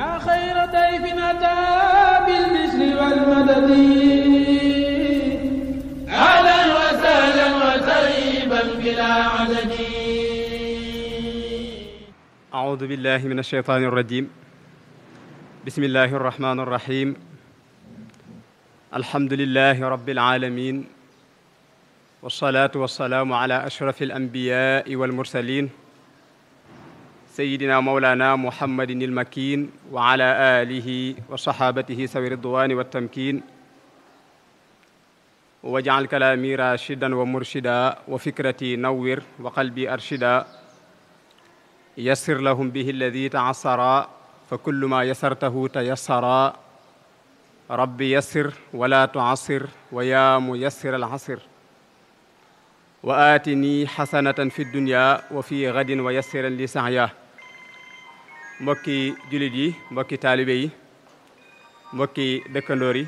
yaa xayra dayfin ataa bil bishri wal madadi ahlan wa sahlan wa tayyiban bilaa adadi أعوذ بالله من الشيطان الرجيم بسم الله الرحمن الرحيم الحمد لله رب العالمين والصلاة والسلام على أشرف الأنبياء والمرسلين sayidina mawlana muhammadin il makin wa ala alihi wa sahabatihi sawi ridwani wa tamkin wajal kalaami rashidan wa murshida wa fikrati nawwir wa qalbi arshida yassir lahum bihi alladi taassara fa kullu ma yassartahu tayassara rabbi yassir wala tuassir wa yaa muyassir alxasir wa aatini xasanatan fi dunya wa fi gadin wa yassiran li saaya mbokki jullit yi mbokki taalibe yi mbokki dëkkandoor yi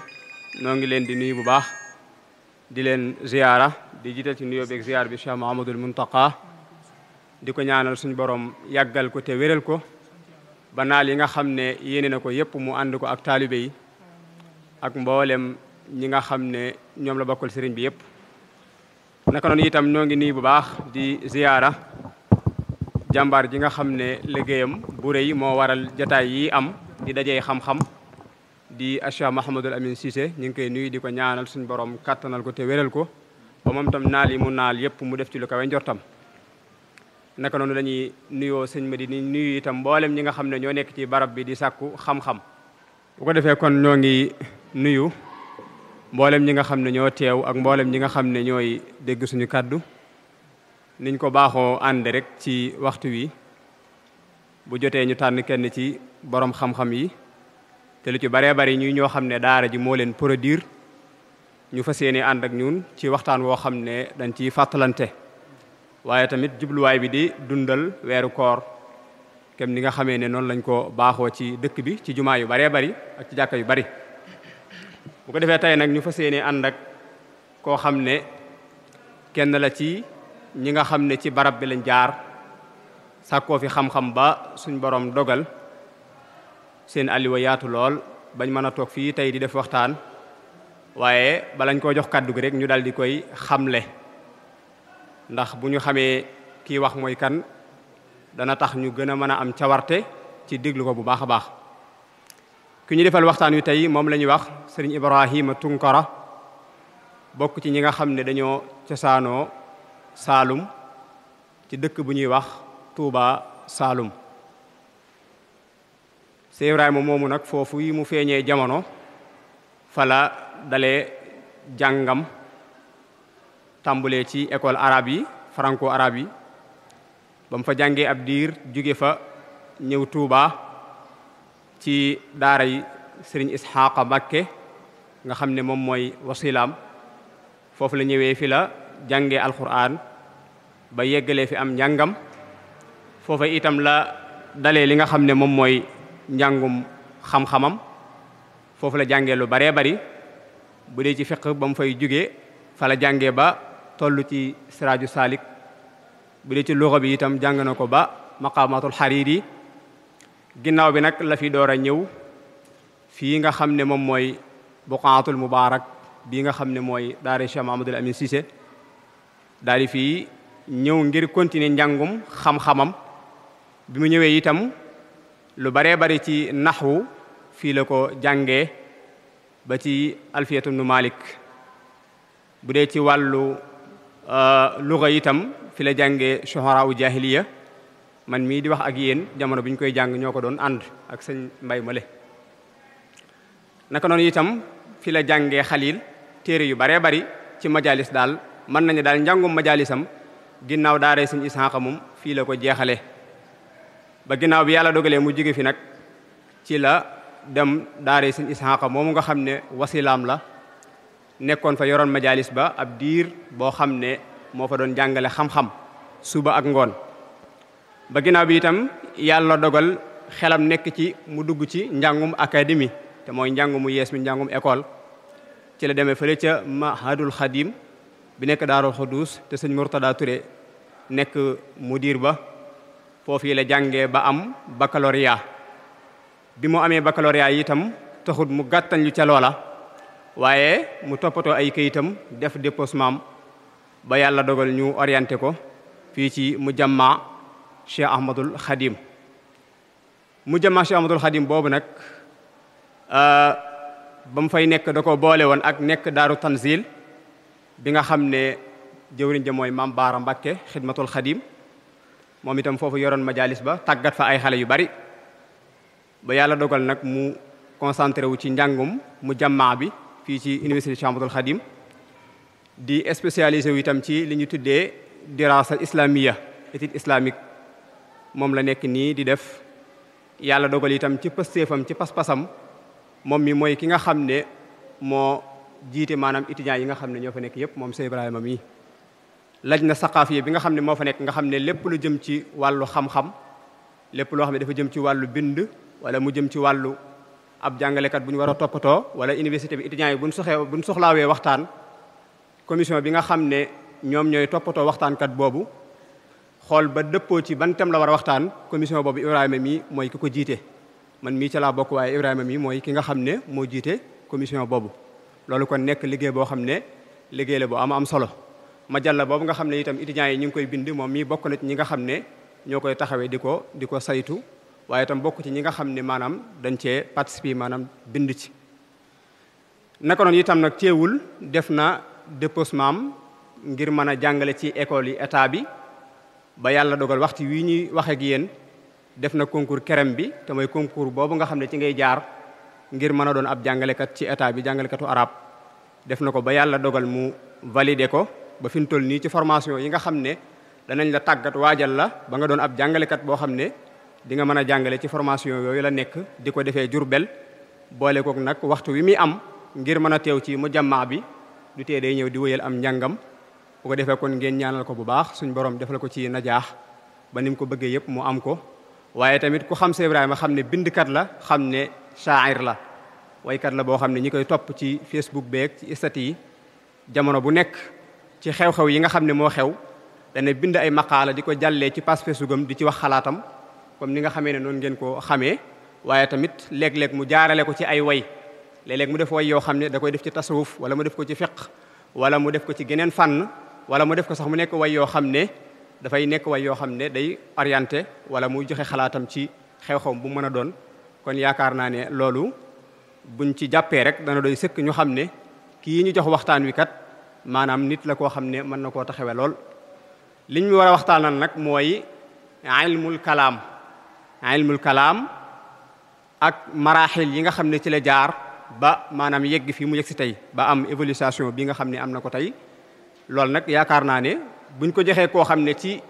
noo ngi leen di nuyu bu baax di leen ziyaara di jiital ci nuyoo beeg ziyaar bi Cheikh Mahamadul Muntaqa di ko ñaanal suñu boroom yàggal ko te wéral ko ba naal yi nga xam ne yéene na ko yépp mu ànd ko ak taalibe yi ak mboolem ñi nga xam ne ñoom la bokkal sëriñ bi yépp naka noonu itam noo ngi nuyu bu baax di ziyaara jàmbaar ji nga xam ne liggéeyam bu rëy moo waral jataay yi am di dajee xam-xam di Cheikh Mahamadul Amin Cissé ñu ngi koy nuyu di ko ñaanal suñu borom kàttanal ko te wéral ko ba moom tam naal yi mu naal yëpp mu def ci lu kawe njortam naka noonu dañuy nuyoo sëñ ma di nuyu itam mboolem ñi nga xam ne ñoo nekk ci barab bi di sàkku xam-xam bu ko defee kon ñoo ngi nuyu mboolem ñi nga xam ne ñoo teew ak mboolem ñi nga xam ne ñooy dégg suñu kàddu niñ ko baaxoo ànd rek ci waxtu wi bu jotee ñu tànn kenn ci boroom xam-xam yi te lu ci baree bari ñuy ñoo xam ne daara ji moo leen produire ñu fas yéene ànd ak ñun ci waxtaan woo xam ne dañ ciy fàttalante waaye tamit jubluwaay bi di dundal weeru koor kem ni nga xamee ne noonu lañ ko baaxoo ci dëkk bi ci jumaa yu baree bari ak ci jàkka yu bari bu ko defee tey nag ñu fas yéene ànd ak koo xam ne kenn la ci ñi nga xam ne ci barab bi lañ jaar sàkkoo fi xam-xam ba suñ boroom dogal seen alliwa yaatu lool bañ mën a toog fii tey di def waxtaan waaye balañ koo jox kàddu gi rek ñu daal di koy xamle ndax bu ñu xamee kii wax mooy kan dana tax ñu gën a mën a am cawarte ci déglu ko bu baax a baax ki ñu defal waxtaan wi tey moom la ñuy wax sëriñ Ibrahima Tunkara bokk ci ñi nga xam ne dañoo cosaanoo Saalum ci dëkk bu ñuy wax Touba Saalum Seex Ibrahima moomu nag foofu yi mu feeñee jamono fala dale jàngam tàmbulee ci école arabe yi franco arabe yi bam fa jàngee ab diir jóge fa ñëw Touba ci daara yi sëriñ Isxaaqa Mbàkke nga xam ne moom mooy wasilaam foofu la ñëwee fi la jànge jàngee alxuraan ba yeggalee fi am njàngam foofa itam la dalee li nga xam ne moom mooy njàngum xam-xamam foofu la jànge lu baree bari bu dee ci fiq ba mu fay jóge fa la jàngee ba toll ci siraaju saalik bu dee ci luxa bi itam jàng na ko ba maqaamatul xariiri ginnaaw bi nag la fi door a ñëw fii nga xam ne moom mooy bu buqaatul mubaarak bii nga xam ne mooy daara Cheikh Mahamadul Amin Cissé daal di fii ñëw ngir continuer njàngum xam-xamam bi mu ñëwee itam lu baree bari ci naxwu fii la ko jànge ba ci alfiyatu nu malik bu dee ci wàllu uh, luga itam fi la jàngee shuhara u man mii di wax ak yéen jamono biñ koy jàng ñoo ko doon ànd ak sëñ mbay male naka noonu itam fi la jàngee xalil téere yu baree bari ci majalis daal mën nañu daal njàngum majaalisam ginnaaw daaree sëñ Isaaxa moom fii la ko jeexale ba ginnaaw bi yàlla dogalee mu jóge fi nag ci la dem daaree sëñ Isaaxa moomu nga xam ne wasilaam la nekkoon fa yoroon majalis ba ab diir boo xam ne moo fa doon jàngale xam-xam suba ak ngoon ba ginnaaw bi itam yàlla dogal xelam nekk ci mu dugg ci njàngum académie te mooy njàngu mu yees mi njàngum école ci la demee fële ca mahadul xadim bi nekk daarul xuduus te sëñ Mourtada Touré nekk mu diir ba foofu la jàngee ba am baccalauréat bi mu amee baccalauréat yi itam taxut mu gàttan lu ca loola waaye mu toppatoo ay kayitam def déposement ba yàlla dogal ñu orienté ko fii ci mu jamma Cheikh Ahmadul Khadim mu jamma Cheikh Ahmadul Khadim boobu nag euh, ba mu fay nekk da ko boole woon ak nekk daaru tanzil bi nga xam ne jëwriñ ja mooy maam Baara Mbàkke xidmatul xadim moom itam foofu yoroon majalis ba tàggat fa ay xale yu bari ba yàlla dogal nag mu concentré wu ci njàngum mu jàmmaa bi fii ci université Chambatul Xadim di spécialisé wu itam ci li ñu tuddee dirasa islamiya étude islamique moom la nekk nii di def yàlla dogal itam ci pëstéefam ci pas-pasam moom mi mooy ki nga xam ne moo jiite maanaam étudiants yi nga xam ne ñoo fa nekk yëpp moom Cheikh Ibrahima mi laj na saqaafiya bi nga xam ne moo fa nekk nga xam ne lépp lu jëm ci wàllu xam-xam lépp loo xam ne dafa jëm ci wàllu bind wala mu jëm ci wàllu ab jàngalekat bu ñu war a toppatoo wala université bi étudiants yi buñ soxee buñ soxlaawee waxtaan commission bi nga xam ne ñoom ñooy toppatoo waxtaankat boobu xool ba dëppoo ci ban thème la war a waxtaan commission boobu Ibrahima mii mooy ki ko jiite man mii ca laa bokk waaye Ibrahima mii mooy ki nga xam ne moo jiite commission boobu loolu ko nekk liggéey boo xam ne liggéey la bu am am solo ma majalla boobu nga xam ne itam étudiants yi ñu ngi koy bind moom mii bokk na ci ñi nga xam ne ñoo koy taxawee di ko di ko saytu waaye itam bokk ci ñi nga xam ne maanaam dañ cee participer maanaam bind ci naka noonu itam nag teewul def na déposement ngir mën a jàngale ci école yi état bi ba yàlla dogal waxtu wi ñuy wax ak yéen def na concours kerem bi te mooy concours boobu nga xam ne ci ngay jaar ngir mën a doon ab jàngalekat ci état bi jàngalekatu arab def na ko ba yàlla dogal mu validé ko ba fi mu toll nii ci formation yi nga xam ne danañ la tàggat waajal la ba nga doon ab jàngalekat boo xam ne di nga mën a jàngale ci formation yooyu la nekk di ko defee Jurbel boole kook nag waxtu wi muy am ngir mën a teew ci mu jammaa bi du tee day ñëw di wëyal am njàngam boo ko defee kon ngeen ñaanal ko bu baax suñ borom defal ko ci najaax ba ni mu ko bëggee yëpp mu am ko shaa'ir la waykat la boo xam ne ñi koy topp ci facebook beeg ci istat yi jamono bu nekk ci xew-xew yi nga xam ne moo xew dana bind ay maqaala di ko jàllee ci page facebookam di ci wax xalaatam comme ni nga xamee ne noonu ngeen ko xamee waaye tamit léeg-léeg mu jaarale ko ci ay way léeg mu def way yoo xam ne da koy def ci tasawuf wala mu def ko ci fiq wala mu def ko ci geneen fànn wala mu def ko sax mu nekk way yoo xam ne dafay nekk way yoo xam ne day orienté wala muy joxe xalaatam ci xew-xew mën a doon kon yaakaar naa ne loolu buñ ci jàppee rek dana doy sëkk ñu xam ne kii ñu jox waxtaan wi kat maanaam nit la koo xam ne mën na koo taxawe lool liñ mi war a waxtaanal nag mooy ilmul kalaam ilmul kalaam ak maraaxil yi nga xam ne ci la jaar ba maanaam yegg fii mu yegg si tey ba am évolution bi nga xam ne am na ko tey loolu nag yaakaar naa ne buñ ko joxee koo xam ne ci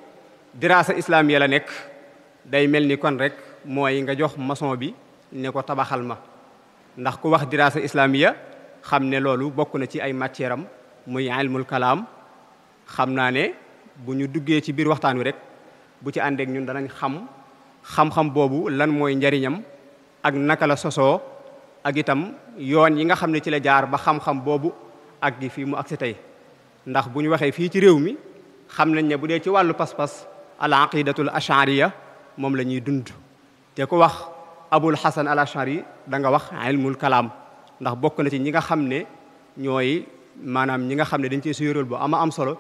islaam islaamiya la nekk day mel ni kon rek mooy nga jox mason bi ne ko tabaxal ma ndax ku wax diraasa islamiya xam ne loolu bokk na ci ay matière am muy ilmul kalaam xam naa ne bu ñu duggee ci biir waxtaan wi rek bu ci àndeek ñun danañ xam xam-xam boobu lan mooy njariñam ak naka la sosoo ak itam yoon yi nga xam ne ci la jaar ba xam-xam boobu ak gi fii mu agsi tey ndax bu ñu waxee fii ci réew mi xam nañ ne bu dee ci wàllu pas-pas al aqidatul ashariya moom la ñuy dund te ku wax abul xasan al ashari da nga wax ilmul kalaam ndax bokk na ci ñi nga xam ne ñooy maanaam ñi nga xam ne dañ cee suy boo bu ama am solo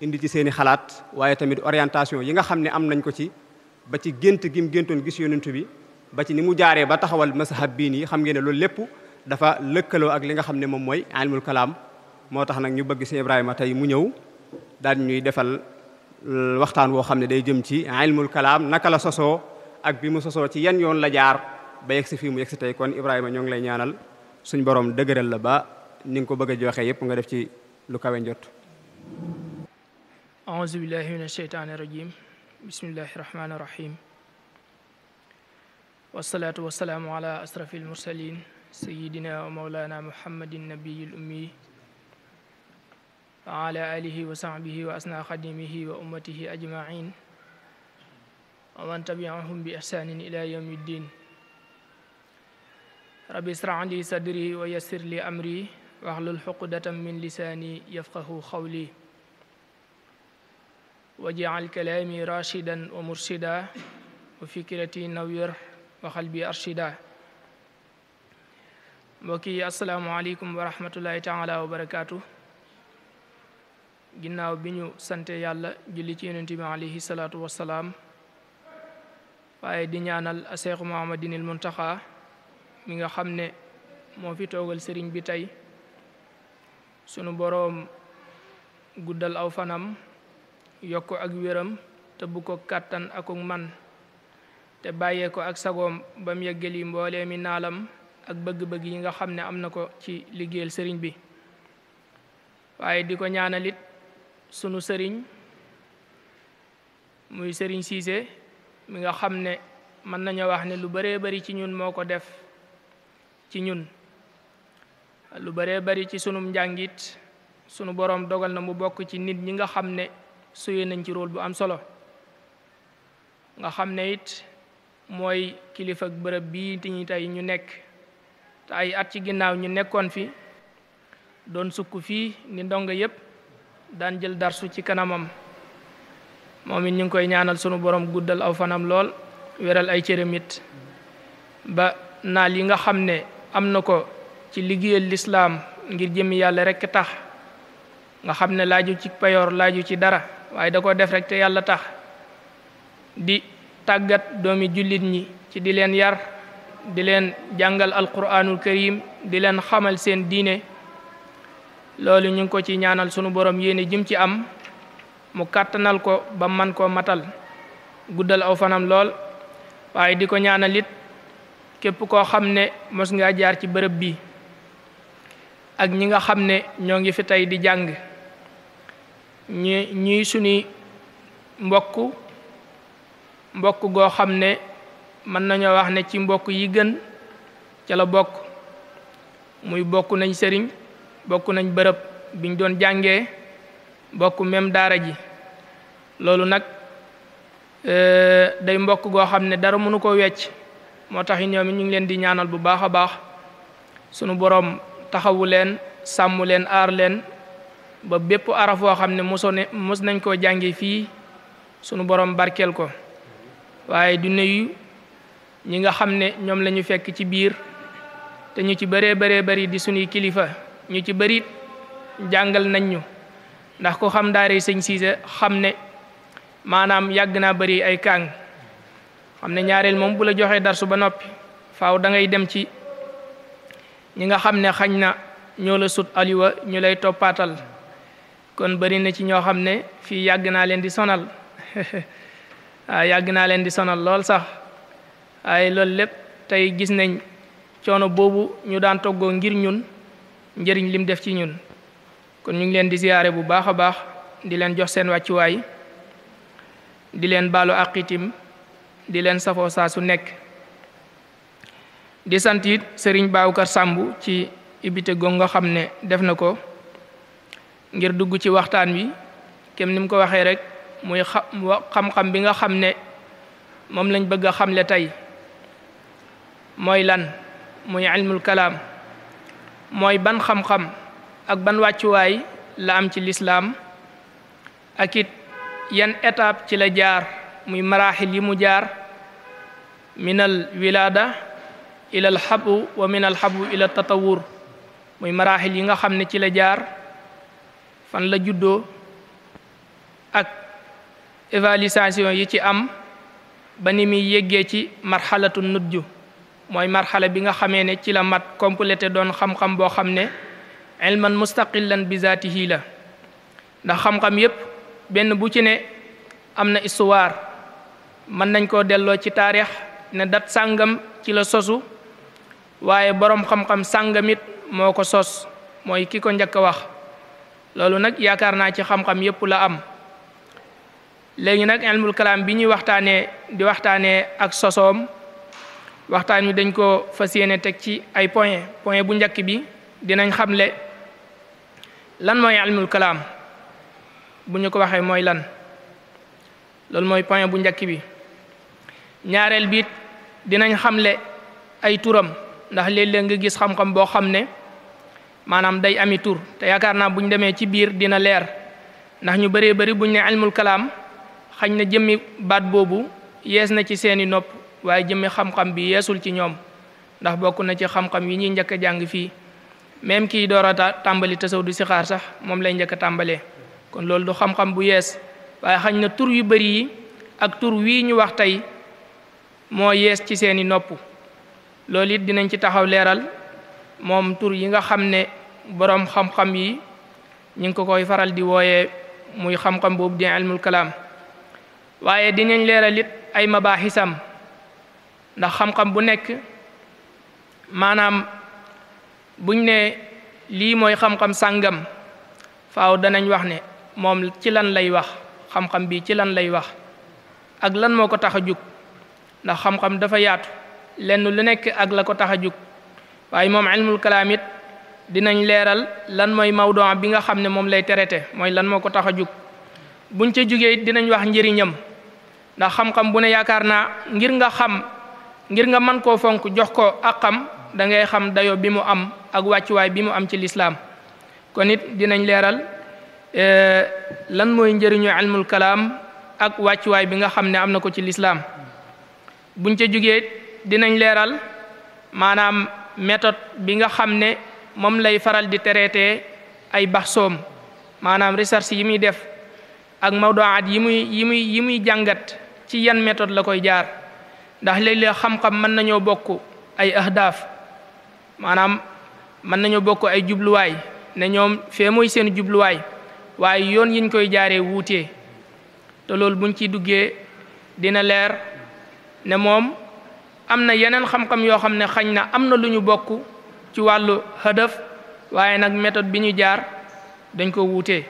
indi ci seeni xalaat waaye tamit orientation yi nga xam ne am nañ ko ci ba ci gént gim géntoon gis yonent bi ba ci ni mu jaaree ba taxawal ma masahab bii nii xam ngeen ne loolu lépp dafa lëkkaloo ak li nga xam ne moom mooy ilmul kalaam moo tax nag ñu bëgg si Ibrahima tey mu ñëw daal ñuy defal waxtaan woo xam ne day jëm ci ilmul kalaam naka la sosoo ak bi mu sosoo ci yan yoon la jaar ba yegg si mu yegg si kon Ibrahima ñoo ngi lay ñaanal suñ boroom dëgëral la ba ni nga ko bëgg a joxe yëpp nga def ci lu kawe njot aouzu billahi min asheytaani rajim bismillahi rahmaani rahim wasalaatu wasalaamu ala alihi wa sahbihi wa asna xadimihi wa ummatihi ajmain wa man tabiahum bi ihsanin ila yawmi ddin rabbi israh li sadri wa yassir li amri waxlul xuqdatan min lisaani yafqahu xawli wajaal kalaami rashidan wa mursida wa fikrati nawir wa xalbi arshida mbokk yi asalaamu aleykum wa rahmatullahi taala wa barakaatu ginnaaw bi ñu sante yàlla julli ci yonent bi alayhi salaatu wasalaam waaye di ñaanal Cheikh Mouhamadinil taxa mi nga xam ne moo fi toogal sëriñ bi tey sunu boroom guddal aw fanam yokk ak wéram te bu ko kàttan akuk man te bàyyee ko ak sagoom bam mu yeggali mboolee mi naalam ak bëgg-bëgg yi nga xam ne am na ko ci liggéeyal sëriñ bi waaye di ko ñaanalit sunu sëriñ muy sëriñ siise mi nga xam ne mën nañoo wax ne lu bëree bari ci ñun moo ko def ci ñun lu bëree bari ci sunu njàngit sunu borom dogal na mu bokk ci nit ñi nga xam ne suyee nañ ci rol bu am solo nga xam ne it mooy kilifa bërëb bii ti ñu tey ñu nekk te ay at ci ginnaaw ñu nekkoon fi doon sukk fii ni ndongo yépp daan jël darsu ci kanamam moom it ñu ngi koy ñaanal sunu borom guddal aw fanam lool weral ay cëram mit ba naal yi nga xam ne am na ko ci liggéeyal lislaam ngir jëmi yàlla rek tax nga xam ne laaju ci payoor laaju ci dara waaye da ko def rek te yàlla tax di tàggat doomi jullit ñi ci di leen yar di leen jàngal alquranul karim di leen xamal seen diine loolu ñu ngi ko ci ñaanal sunu borom yéene jëm ci am mu kàttanal ko ba man koo matal guddal aw fanam lool waaye di ko ñaanal it képp koo xam ne mos ngaa jaar ci bërëb bi ak ñi nga xam ne ñoo ngi fi tey di jàng ñi ñuy suñuy mbokk mbokk goo xam ne mën nañoo wax ne ci mbokk yi gën ca la bokk muy bokk nañ sëriñ bokk nañ bërëb biñ doon jànge bokk même daara ji loolu nag eh, day mbokk goo xam ne dara mënu koo wecc moo tax ñoom ñu ngi leen di ñaanal bu baax a baax sunu boroom taxawu leen sàmm leen aar leen ba bépp araf woo xam ne ne mos nañ koo jàngi fii sunu boroom barkeel ko waaye du nuyu ñi nga xam ne ñoom la ñu fekk ci biir te ñu ci bëree bëree bëri di sunuy kilifa ñu ci bëri jàngal nañ ñu ndax ku xam daara sëñ Siise xam ne maanaam yàgg naa bari ay kàng xam ne ñaareel moom bu la joxee darsu ba noppi faaw dangay dem ci ñi nga xam ne xañ na ñoo la sut aliwa ñu lay toppaatal kon bari na ci ñoo xam ne fii yàgg naa leen di sonal yàgg naa leen di sonal lool sax waaye loolu lépp tey gis nañ coono boobu ñu daan toggoo ngir ñun njëriñ lim def ci ñun kon ñu ngi leen di ziyaare bu baax a baax di leen jox seen wàccuwaay di leen baalu ak itim di leen safoo saa su nekk di sant it sëriñ Baawkar Sàmb ci ibite go nga xam ne def na ko ngir dugg ci waxtaan wi kenn ni mu ko waxee rek muy xam-xam bi nga xam ne moom lañ bëgg a xamle tey mooy lan muy ilmul kalaam mooy ban xam-xam ak ban wàccuwaay la am ci lislaam ak it yan étape ci la jaar muy maraaxil yi mu jaar minal al wilaada ila al xabu wa min al xabu tatawur muy maraaxil yi nga xam ne ci la jaar fan la juddoo ak évaluation yi ci am ba ni muy yéggee ci marxalatu nudju mooy marxala bi nga xamee ne ci la mat complété doon xam-xam boo xam ne ilman mustaqillan bi zaatihi la ndax xam-xam yépp benn bu ci ne am na histoire mën nañ koo delloo ci taarix ne dat sàngam ci la sosu waaye boroom xam-xam sàngamit moo ko sos mooy ki ko njëkk a wax loolu nag yaakaar naa ci xam-xam yépp la am léegi nag ilmul kalaam bi ñuy waxtaanee di waxtaanee ak sosoom waxtaan wi dañ ko fas yéene teg ci ay point point bu njëkk bi dinañ xamle lan mooy ilmul kalaam bu ñu ko waxee mooy lan loolu mooy point bu njëkk bi ñaareel biit dinañ xamle ay turam ndax léeg-léeg nga gis xam-xam boo xam ne maanaam day ami tur te yaakaar naa bu ñu demee ci biir dina leer ndax ñu bëree bëri buñ ne ilmul kalaam xañ na jëmmi baat boobu yees na ci seeni nopp waaye jëmmi xam-xam bi yeesul ci ñoom ndax bokk na ci xam-xam yi ñuy njëkk a jàng fii même kii doorata a tàmbali tasaw du si sax moom lay njëkk a tàmbalee kon loolu du xam-xam bu yees waaye xañ na tur yu bari yi ak tur wii ñu wax tey moo yees ci seeni nopp loolu it dinañ ci taxaw leeral moom tur yi nga xam ne boroom xam-xam yi ñu ngi ko koy faral di wooye muy xam-xam boobu di ilmul kalaam waaye dinañ leeral it ay mabaaxisam ndax xam bu nekk maanaam buñ ne lii mooy xam-xam sàngam faaw danañ wax ne moom ci lan lay wax xam-xam bi ci lan lay wax ak lan moo ko tax a jóg ndax xam-xam dafa yaatu lenn lu nekk ak la ko tax a jóg waaye moom ilmul kalaam dinañ leeral lan mooy mawduu bi nga xam ne moom lay traité mooy lan moo ko tax a jug buñ ci jógee it dinañ wax njëriñam ndax xam-xam bu ne yaakaar naa ngir nga xam ngir nga mën koo fonk jox ko ak xam da xam dayo bi mu am ak wàccuwaay bi mu am ci lislaam kon it dinañ leeral Eh, lan mooy njëriñu ilmul kalaam ak wàccuwaay bi nga xam ne am na ko ci lislaam buñ ca jógee dinañ leeral maanaam méthode bi nga xam ne moom lay faral di traité ay baxsoom maanaam recherche yi muy def ak mawduaat yi muy yi muy yi muy jàngat ci yan méthode la koy jaar ndax léeg-léeg xam-xam mën nañoo bokk ay ahdaaf maanaam mën nañoo bokk ay jubluwaay ne ñoom fee mooy seen jubluwaay waaye yoon yi yiñ koy jaaree wuutee te loolu buñ ci duggee dina leer ne moom am na yeneen xam-xam yoo xam ne xañ na am na lu ñu bokk ci wàllu hadaf waaye nag méthode bi ñuy jaar dañ ko wuutee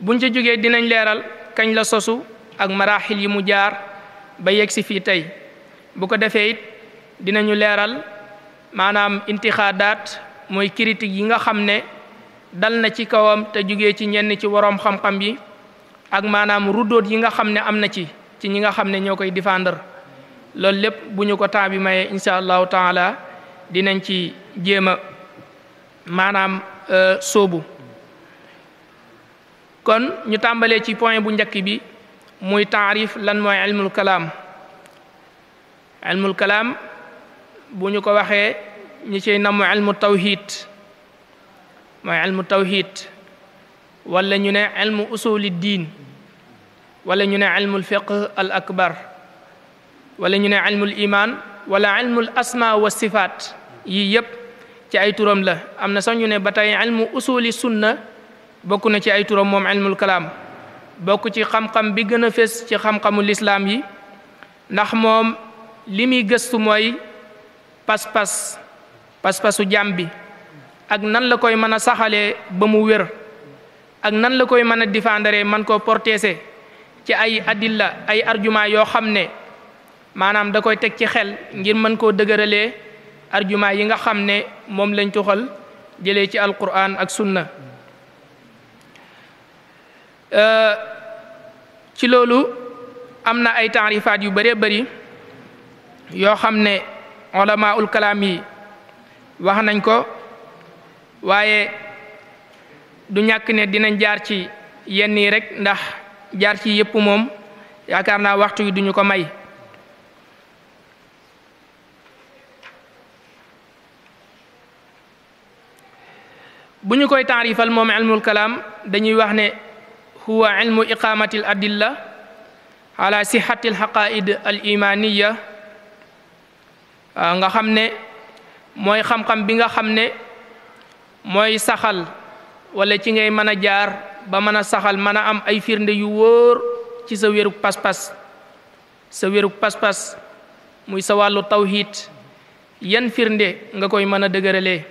buñ ci jógee dinañ leeral kañ la sosu ak maraxil yi mu jaar ba yegg si fii tey bu ko defee it dinañu leeral maanaam intixaadaat mooy critique yi nga xam ne dal na ci kawam te jóge ci ñenn ci waroom xam-xam yi ak maanaam ruddoot yi nga xam ne am na ci ci ñi nga xam ne ñoo koy défendre loolu lépp bu ñu ko temps bi mayee incha allahu taala dinañ ci jéem a maanaam euh, soobu kon ñu tàmbalee ci point bu njëkk bi muy taarif lan mooy ilmul kalaam ilmul kalaam bu ñu ko waxee ñi ciy namm ilmu tawhid mooy ilmu tawhid wala ñu ne ilmu usuli diin wala ñu ne ilmu fiqh al akbar wala ñu ne ilmu iman wala ilmu asma wa sifaat yii yëpp ci ay turam la am na sax ñu ne ba tey ilmu usuli sunna bokk na ci ay turam moom ilmul kalaam bokk ci xam-xam bi gën a fés ci xam-xamu lislaam yi ndax moom li muy gëstu mooy pas-pas pas-pasu jàmm bi ak nan la koy mën a saxalee ba mu wér ak nan la koy mën a défendre man koo porteese ci ay adilla ay argument yoo xam ne maanaam da koy teg ci xel ngir mën koo dëgëralee argument yi nga xam ne moom lañ tuxal jëlee ci alquran ak sunna euh, ci loolu am na ay taarifaat yu bëree bëri yoo xam ne ulamaul kalaam yi wax nañ ko waaye du ñàkk ne dinañ jaar ci yenn yi rek ndax jaar ci yépp moom yaakaar na waxtu yi duñu ko may bu ñu koy taarifal moom ilmul kalaam dañuy wax ne huwa ilmu iqaamati al adilla ala sixati al xaqaid nga xam ne mooy xam-xam bi nga xam ne mooy saxal walla ci ngay mën a jaar ba mën a saxal mën a am ay firnde yu wóor ci sa wérug pas-pas sa wérug pas-pas muy sa wàllu tawhid yan firnde nga koy mën a dëgëralee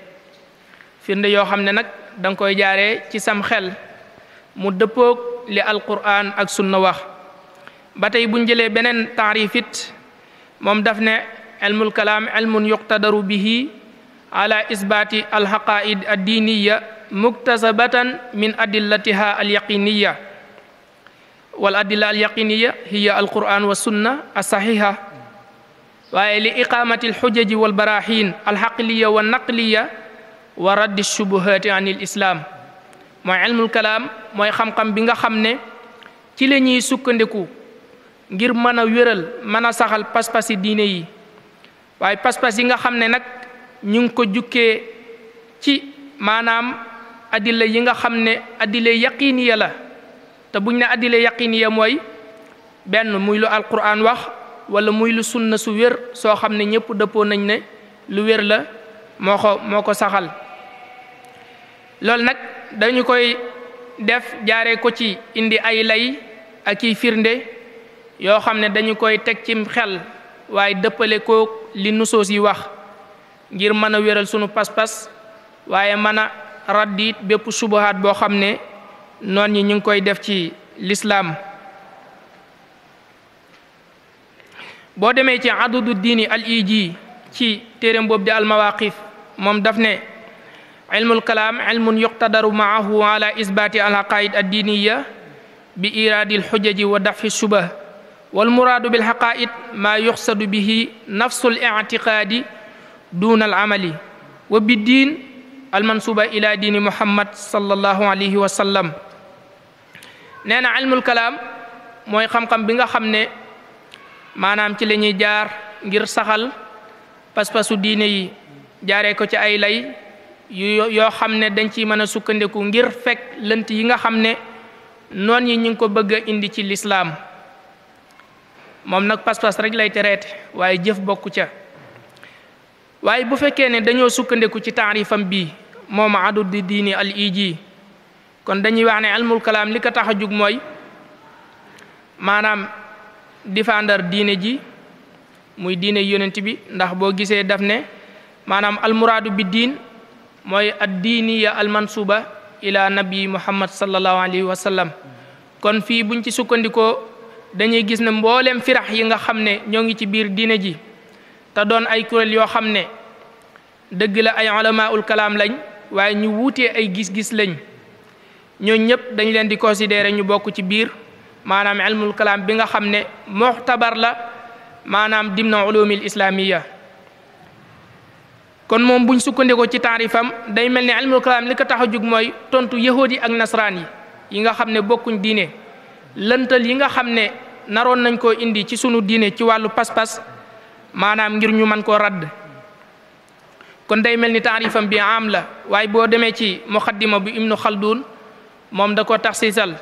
firnde yoo xam ne nag danga koy jaare ci sam xel mu dëppook li alquran ak sunna wax ba tey buñ jëlee beneen taarif it moom daf ne ilmul kalaam ilmun yuqtadaru bihi ala isbaati alxaqaaid addiiniya muktasabatan min adillatiha alyaqiniya wal adilla alyaqiniya hiya alquran wa sunna alsaxiha waaye li iqaamati alxujaji walbarahin alxaqliya wa naqliya wa raddi shubuhaati an alislaam mooy ilmul kalaam mooy xam-xam bi nga xam ne ci la ñuy sukkandiku ngir mën a wéral mën a saxal pas-pasi diine yi waaye pas-pas yi nga xam ne nag ñu ngi ko jukkee ci maanaam adila yi nga xam ne adila yaqiniya la te buñ ne adila yaqiniya mooy benn muy lu alquran wax wala muy lu sunna su wér soo xam ne ñëpp dëppoo nañ ne lu wér la moo ko moo ko saxal loolu nag dañu koy def jaare ko ci indi ay lay ak i firnde yoo xam ne dañu koy teg cim xel waaye dëppale ko li nusoos yi wax ngir mën a wéral sunu pas-pas waaye mën a raddiit bépp subahaat boo xam ne noon yi ñu ngi koy def ci lislaam boo demee ci adudu diini al iji ci téeréem boobu di al mawaqif moom daf ne ilmul kalaam ilmun yuqtadaru maahu ala isbaati al haqaid ad diiniya bi iraadi al xujaji wa dafi subah wal muraadu bil haqaid maa yuqsadu bihi nafsul ictiqaadi duuna al amali wa bi diin almansuba ila diini muhammad sallallahu alayhi wa sallam nee na ilmul kalaam mooy xam-xam bi nga xam ne maanaam ci la ñuy jaar ngir saxal pas-pasu diine yi jaare ko ci ay lay yoo xam ne dañ ciy mën a sukkandiku ngir fekk lënt yi nga xam ne noon yi ñu ngi ko bëgg indi ci lislaam moom nag pas-pas rek lay tereete waaye jëf bokku ca waaye bu fekkee ne dañoo sukkandiku ci taarifam bii moom adu di diini al iji kon dañuy wax ne li ko tax a jug mooy maanaam défendre diine ji muy diine yonent bi ndax boo gisee daf ne maanaam almuraadu bi diin mooy ad diiniya almansuba ila nabi muhammad sallallahu alayhi wa sallam kon fii buñ ci sukkandikoo dañuy gis ne mboolem firax yi nga xam ne ñoo ngi ci biir diine ji te doon ay kuréel yoo xam ne dëgg la ay ulamaul kalaam lañ waaye ñu wuutee ay gis-gis lañ ñooñ ñëpp dañ leen di considéré ñu bokk ci biir maanaam ilmul kalaam bi nga xam ne muxtabar la maanaam dimna ulumil islamiya kon moom buñ sukkandikoo ci taarifam day mel ni ilmul kalaam li ko tax a jóg mooy tontu yahuud yi ak nasraan yi yi nga xam ne bokkuñ diine lëntal yi nga xam ne naroon nañ ko indi ci sunu diine ci wàllu pas-pas maanaam ngir ñu man koo radd kon day mel ni taarifam bi am la waaye boo demee ci muqaddima bu ibnu xaldun moom da ko taxsisal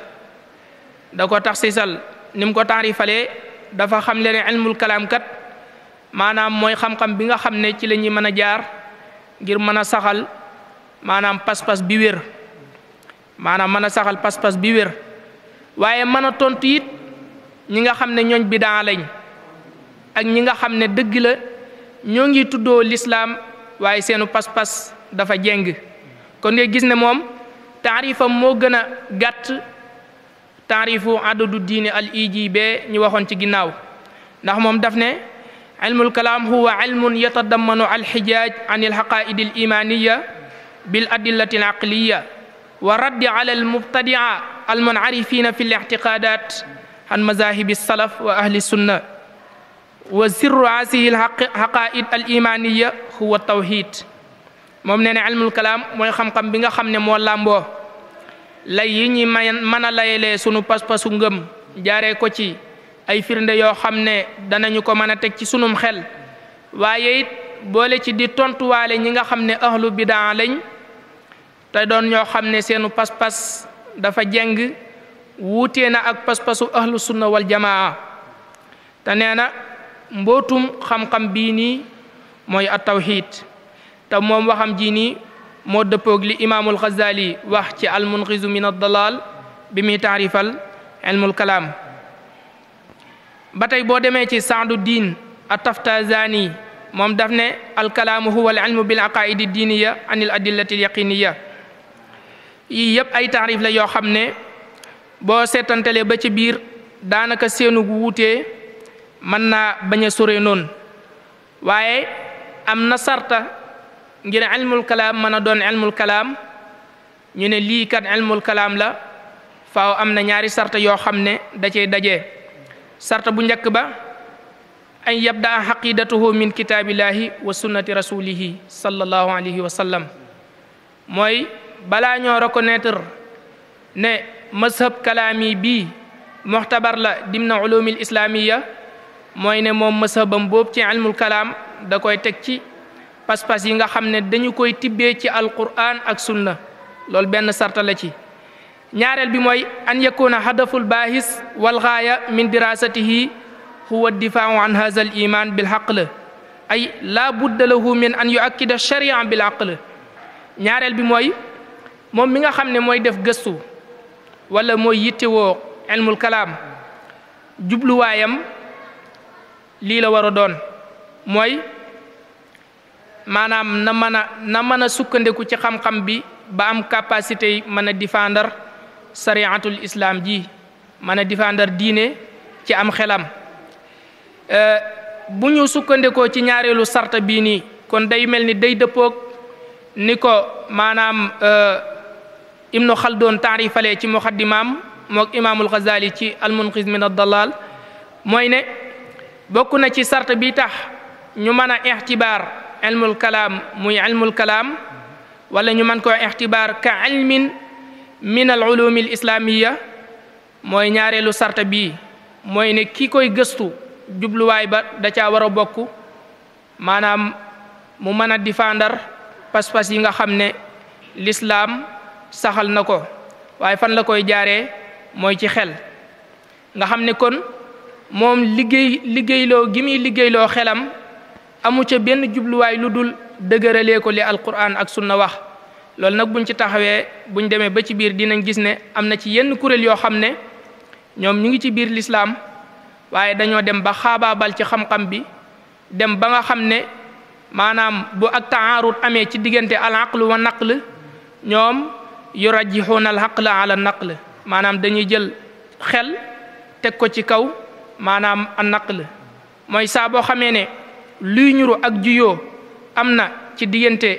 da ko taxsisal ni mu ko taarifalee dafa xam le ne ilmul kalaam kat maanaam mooy xam-xam bi nga xam ne ci lañuy ñuy mën a jaar ngir mën a saxal maanaam pas-pas bi wér maanaam mën a saxal pas-pas bi wér waaye mën a tontu it ñi nga xam ne ñooñ bidaa lañ ak ñi nga xam ne dëgg la ñoo ngi tuddoo lislaam waaye seenu pas-pas dafa jeng kon gis ne moom taarifam moo gën a gàtt taarifu adadu diine al iji bee ñu waxoon ci ginnaaw ndax moom daf ne ilmul kalaam huwa ilmun yatadammanu alxijaaj an alxaqaaidi al imaaniya bil adillati al aqliya wa raddi al mubtadia al muncarifina fi al ictiqadat an mazahibi salaf wa ahli sunna wa sirru hasihi alxaqaid al imaniya huwa tawhid moom nee na ilmul kalaam mooy xam-xam bi nga xam ne moo làmboo lay yi ñi may mën a layelee sunu pas-pasu ngëm jaaree ko ci ay firnde yoo xam ne danañu ko mën a teg ci sunum xel waaye it boole ci di tontuwaale ñi nga xam ne ahlu bidaa lañ te doon ñoo xam ne seenu pas-pas dafa jeng wuute na ak pas-pasu ahlu sunna jamaa te nee na mbootum xam-xam bii nii mooy at tawxiid te moom waxam ji nii moo dëppoog li imaamul Xazaali wax ci almunqizu min addalaal bi muy taarifal ilmul kalaam ba tey boo demee ci saadu diin at taftazaani moom daf ne alkalaamu huwa al ilmu bil aqaaidi diiniya anil adillati al yii yëpp ay taarif la yoo xam ne boo seetantelee ba ci biir daanaka seenu wuutee mën naa bañ a sore noonu waaye am na sarta ngir ilmul kalaam mën na doon ilmul kalaam ñu ne lii kat ilmul kalaam la faaw am na ñaari sarta yoo xam ne daje daje sarta bu njëkk ba an yabda a xaqidatuhu min kitaabillahi wa sunnati rasulihi sallallahu alayhi wa sallam mooy balaa ñoo reconnaître ne mazhab kalaami bii muxtabar la dimna ulumil islaamiya mooy ne moom masabam boobu ci ilmul kalaam da koy teg ci pas-pas yi nga xam ne dañu koy tibbee ci alquran ak sunna loolu benn sarta ci ñaareel bi mooy an yakuna hadaful baahis wal gaaya min dirasatihi huwa difaau an haza al iman bil aql ay laa budda lahu min an yuakkida sharia bil aql ñaareel bi mooy moom mi nga xam ne mooy def gëstu walla mooy yittewoo ilmul kalaam jubluwaayam lii la war a doon mooy maanaam na mën a na mën a sukkandiku ci xam-xam bi ba am capacité yi mën a défendre sariatul islam ji mën a défendre diine ci am xelam euh, bu ñu sukkandikoo ci ñaareelu sarta bii nii kon day mel ni day dëppoog ni ko maanaam euh, ibnu xaldoon taarifalee ci muxaddimaam mook imaamul xazali ci almunqiz min ad dalal mooy ne bokk na ci sart bi tax ñu mën a ixtibaar ilmul kalaam muy ilmul kalaam wala ñu mën koo ixtibaar ka ilmin min al ulumi al islaamiya mooy ñaareelu sart bii mooy ne kii koy gëstu jubluwaay ba da caa war a bokk maanaam mu mën a défendre pas-pas yi nga xam ne lislaam saxal na ko waaye fan la koy jaaree mooy ci xel nga xam ne kon moom liggéey liggéeyloo gi muy liggéeyloo xelam amu ca benn jubluwaay lu dul dëgëralee ko li alquran ak sunna wax loolu nag buñ ci taxawee bu buñ demee ba ci biir dinañ gis ne am na ci yenn kuréel yoo xam ne ñoom ñu ngi ci biir lislaam waaye dañoo dem ba xaabaabal ci xam-xam bi dem ba nga xam ne maanaam bu ak taarut amee ci diggante al aql wa la ñoom yor yurajjixuuna al aql ala la maanaam dañuy jël xel teg ko ci kaw maanaam an naql mooy saa boo xamee ne luy ñuru ak juyoo am na ci diggante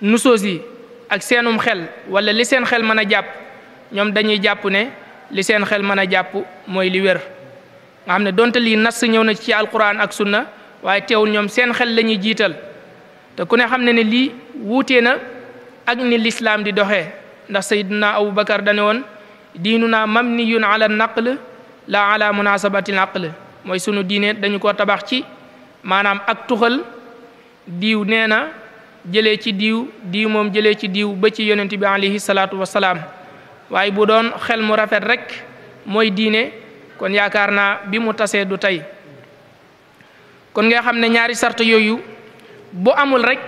nusoos yi ak seenum xel wala li seen xel mën a jàpp ñoom dañuy jàpp ne li seen xel mën a jàpp mooy li wér nga xam ne donte lii nas ñëw na ci alquran ak sunna waaye teewul ñoom seen xel la ñuy jiital te ku ne xam ne ne lii wuute na ak ni lislaam di doxee ndax sayyiduna abubakar dane woon diinuna mabniyun ala naql la ala munasabatil aql mooy sunu diine dañu ko tabax ci maanaam ak tuxal diw nee na jëlee ci diw diw moom jëlee ci diw ba ci yonent bi alayhi salaatu wasalaam waaye bu doon xel mu rafet rek mooy diine kon yaakaar naa bi mu tasee du tey kon nga xam ne ñaari sart yooyu bu amul rek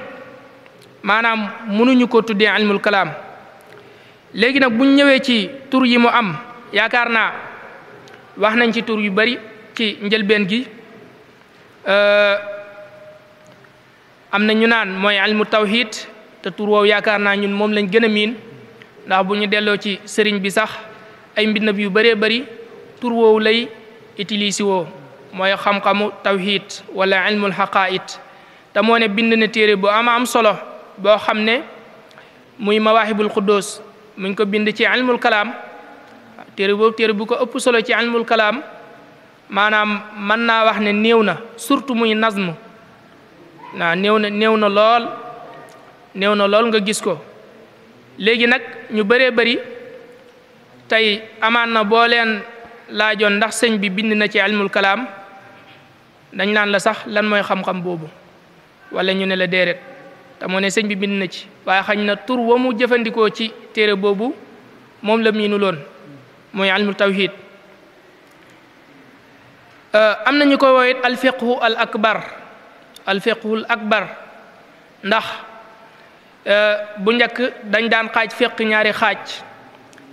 maanaam mënuñu ko tuddee ilmul kalaam léegi nag buñ ñëwee ci tur yi mu am yaakaar naa wax nañ ci tur yu bari ci njëlbeen gi euh, am na ñu naan mooy almu tawhid te tur woowu yaakaar naa ñun moom lañ gën a miin ndax bu ñu delloo ci sëriñ bi sax ay mbindab yu bëree bari tur wow lay utilisé woo mooy xam-xamu tawhid wala ilmul xaqaid te moo ne bind na téere bu ama am solo boo xam ne muy mawaahibul quddus muñ ko bind ci ilmul kalaam téere boobu téere bu ko ëpp solo ci ilmul kalaam maanaam man naa wax ne néew na surtout muy nazm naa néew na néew na lool néew na lool nga gis ko léegi nag ñu bëree bari tey amaan na boo leen laajoon ndax sëñ bi bind na ci ilmul kalaam dañ naan la sax lan mooy xam-xam boobu walla ñu ne la déeret te moo ne sëñ bi bind na ci waaye xañ na tur wa mu jëfandikoo ci téere boobu moom la miinu loon mooy ilmul tawhid euh, am nañu ko woowee alfiqhu al akbar alfiqhu al akbar ndax euh, bu njëkk dañ daan xaaj feq ñaari xaaj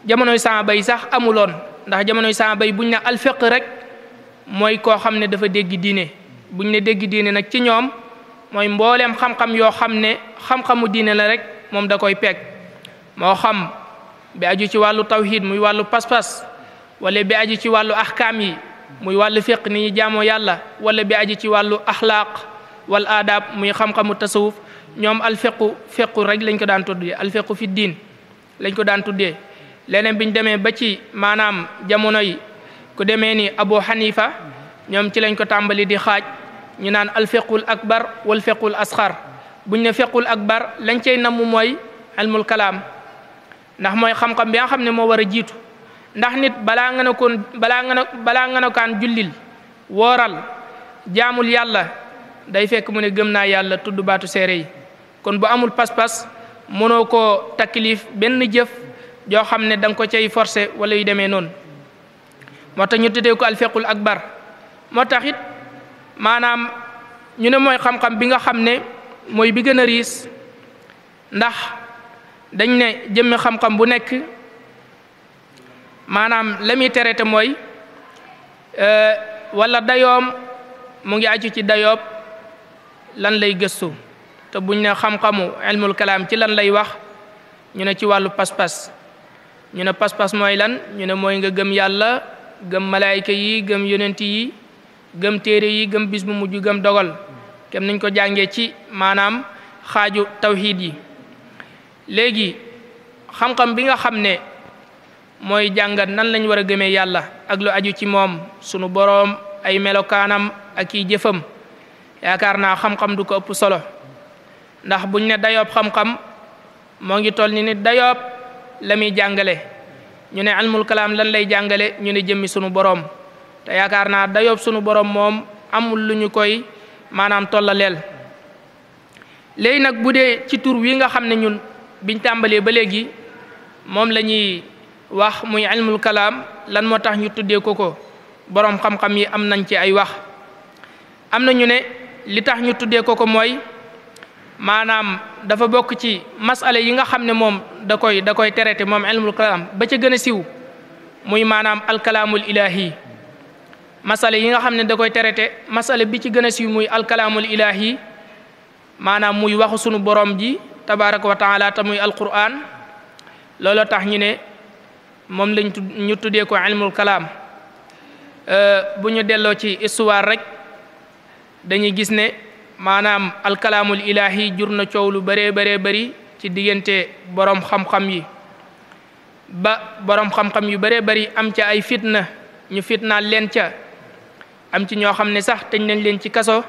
jamonoy saaba bay sax amuloon ndax jamonoy saaba yi buñ ne alfeq rek mooy koo xam ne dafa dégg diine buñ ne dégg diine nag ci ñoom mooy mbooleem xam-xam yoo xam ne xam-xamu diine la rek moom da koy peeg moo xam bi aju ci wàllu tawhid muy wàllu pas walla bi aju ci wàllu ahkaam yi muy wàllu fiq ni ñuy jaamoo yàlla wala bi aju ci wàllu axlaaq wal aadaab muy xam-xamu tasawuf ñoom alfiqu fiqu rek lañ ko daan tuddee alfiqu fi diin lañ ko daan tuddee leneen bi ñu demee ba ci maanaam jamono yi ku demee ni Abu Hanifa ñoom ci lañ ko tàmbali di xaaj ñu naan alfiqul akbar wal fiqul asxar buñ ne fiqul akbar lañ cey namm mooy ilmul kalaam ndax mooy xam-xam bi nga xam ne moo war a jiitu ndax nit balaa nga ne koon balaa nga balaa nga ne kaan jullil wooral jaamul yàlla day fekk mu ne gëm naa yàlla tudd baatu seere yi kon bu amul pas-pas mënoo koo takkilif benn jëf joo xam ne da nga ko cay forcé wala yu demee noonu moo tax ñu tuddee ko alfequl akbar moo tax it maanaam ñu ne mooy xam-xam bi nga xam ne mooy bi gën a riis ndax dañ ne jëmmi xam-xam bu nekk maanaam la muy tere te mooy euh, wala dayoom mu ngi aju ci dayoob lan lay gëstu te buñ ne xam-xamu ilmul kalaam ci lan lay wax ñu ne ci wàllu pas-pas ñu ne pas-pas mooy lan ñu ne mooy nga gëm yàlla gëm malaayka yi gëm yonent yi gëm téere yi gëm bis bu mujj gëm dogal kem niñ ko jàngee ci maanaam xaaju tawxiid yi léegi xam-xam bi nga xam ne mooy jàngat nan lañ war a gëmee yàlla ak lu aju ci moom sunu boroom ay melokaanam ak i jëfam yaakaar naa xam-xam du ko ëpp solo ndax buñ ne dayoob xam-xam moo ngi toll ni ni dayoob la muy jàngale ñu ne almul kalaam lan lay jàngale ñu ne jëmmi sunu boroom te yaakaar naa dayoob sunu boroom moom amul lu ñu koy maanaam tollaleel léegi nag bu dee ci tur wi nga xam ne ñun bi ñu tàmbalee ba léegi moom la ñuy wax muy ilmul kalaam lan moo tax ñu tuddee ko ko boroom xam-xam yi am nañ ci ay wax am na ñu ne li tax ñu tuddee ko ko mooy maanaam dafa bokk ci masala yi nga xam ne moom da koy da koy traité moom ilmul kalaam ba ca gën a siw muy maanaam alkalaamul ilaahi masala yi nga xam ne da koy traité masala bi ci gën a siw muy alkalaamul ilaahi maanaam muy waxu sunu boroom ji tabaraka wa taala al muy alquran looloo tax ñu ne moom lañ tud ñu tuddee ko ilmul kalaam euh, bu ñu delloo ci histoire rek dañuy gis ne maanaam alkalaamul ilaahi jur na coow lu bëree bëree bari ci diggante boroom xam-xam yi ba boroom xam-xam yu bare bari am ci ay fitna ñu fitnaal leen ca am ci ñoo xam ne sax tëj nañ leen ci kaso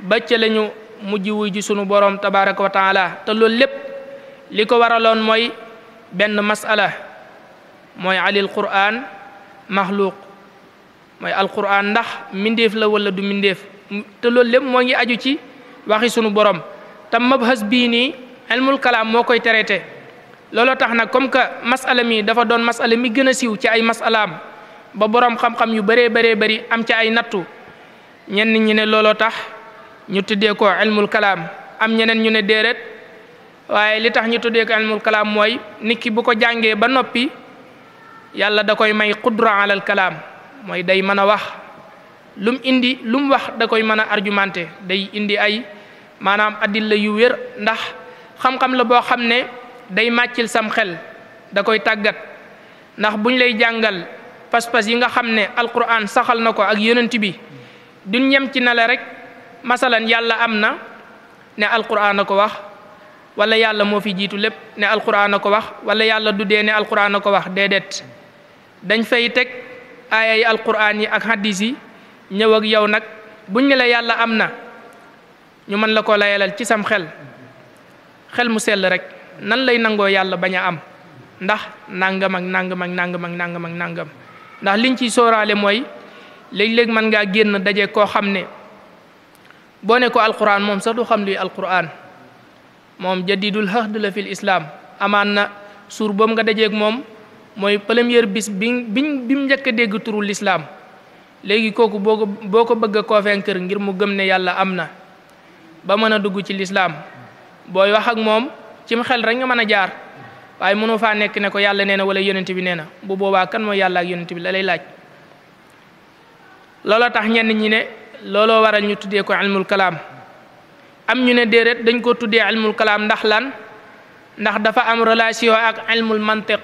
ba ca lañu mujj wuy ji sunu borom tabaraka wa te loolu lépp li ko waraloon mooy benn masala mooy alil quraan maxluuq mooy alquraan ndax mbindéef la wala du mbindéef te loolu lépp moo ngi aju ci waxi sunu borom te mabhas bii nii ilmul kalaam moo koy traité looloo tax na comme que masala mi dafa doon masala mi gën a siiw ci ay masalaam ba borom xam-xam yu bëree bëree bari am ci ay nattu ñenn ñi ne looloo tax ñu tuddee ko ilmul kalaam am ñeneen ñu ne déedéet waaye li tax ñu tuddee ko ilmul kalaam mooy nit ki bu ko jàngee ba noppi yàlla da koy may qudra kalaam mooy day mën a wax lum indi lum wax da koy mën a argumenté day indi ay maanaam adilla yu wér ndax xam-xam la boo xam ne day màccil sam xel da koy tàggat ndax buñ lay jàngal pas-pas yi nga xam ne alquran saxal na ko ak yonent bi duñ yem ci na la masalan yàlla am na ne alquran a ko wax wala yàlla moo fi jiitu lépp ne alquran a ko wax wala yàlla du dee ne alquran a ko wax déedéet dañ fay teg aaya yi alquran yi ak hadis yi ñëw ak yow nag buñ ne la yàlla am na ñu mën la ko layalal ci sam xel xel mu sell rek nan lay nangoo yàlla bañ a am ndax nangam ak nangam ak nangam ak nangam ndax liñ ciy sóoraale mooy léeg-léeg mën ngaa génn daje koo xam ne. boo ne ko alquran moom sax du xam li alquran moom jadidul hahd la fil islaam amaan na suur boobu nga dajeek moom mooy première bis bi biñ bi mu njëkk a dégg turu lislaam léegi kooku boo ko boo ko bëgg a ngir mu gëm ne yàlla am na ba mën a dugg ci lislaam booy wax ak moom cim xel rek nga mën a jaar waaye mënoo faa nekk ne ko yàlla nee na wala yonent bi nee na bu boobaa kan mooy yàlla ak bi la lay laaj loola tax ñenn ñi ne looloo waral ñu tuddee ko ilmul kalaam am ñu ne déedéet dañ ko tuddee ilmul kalaam ndax lan ndax dafa am relation ak ilmul mantiq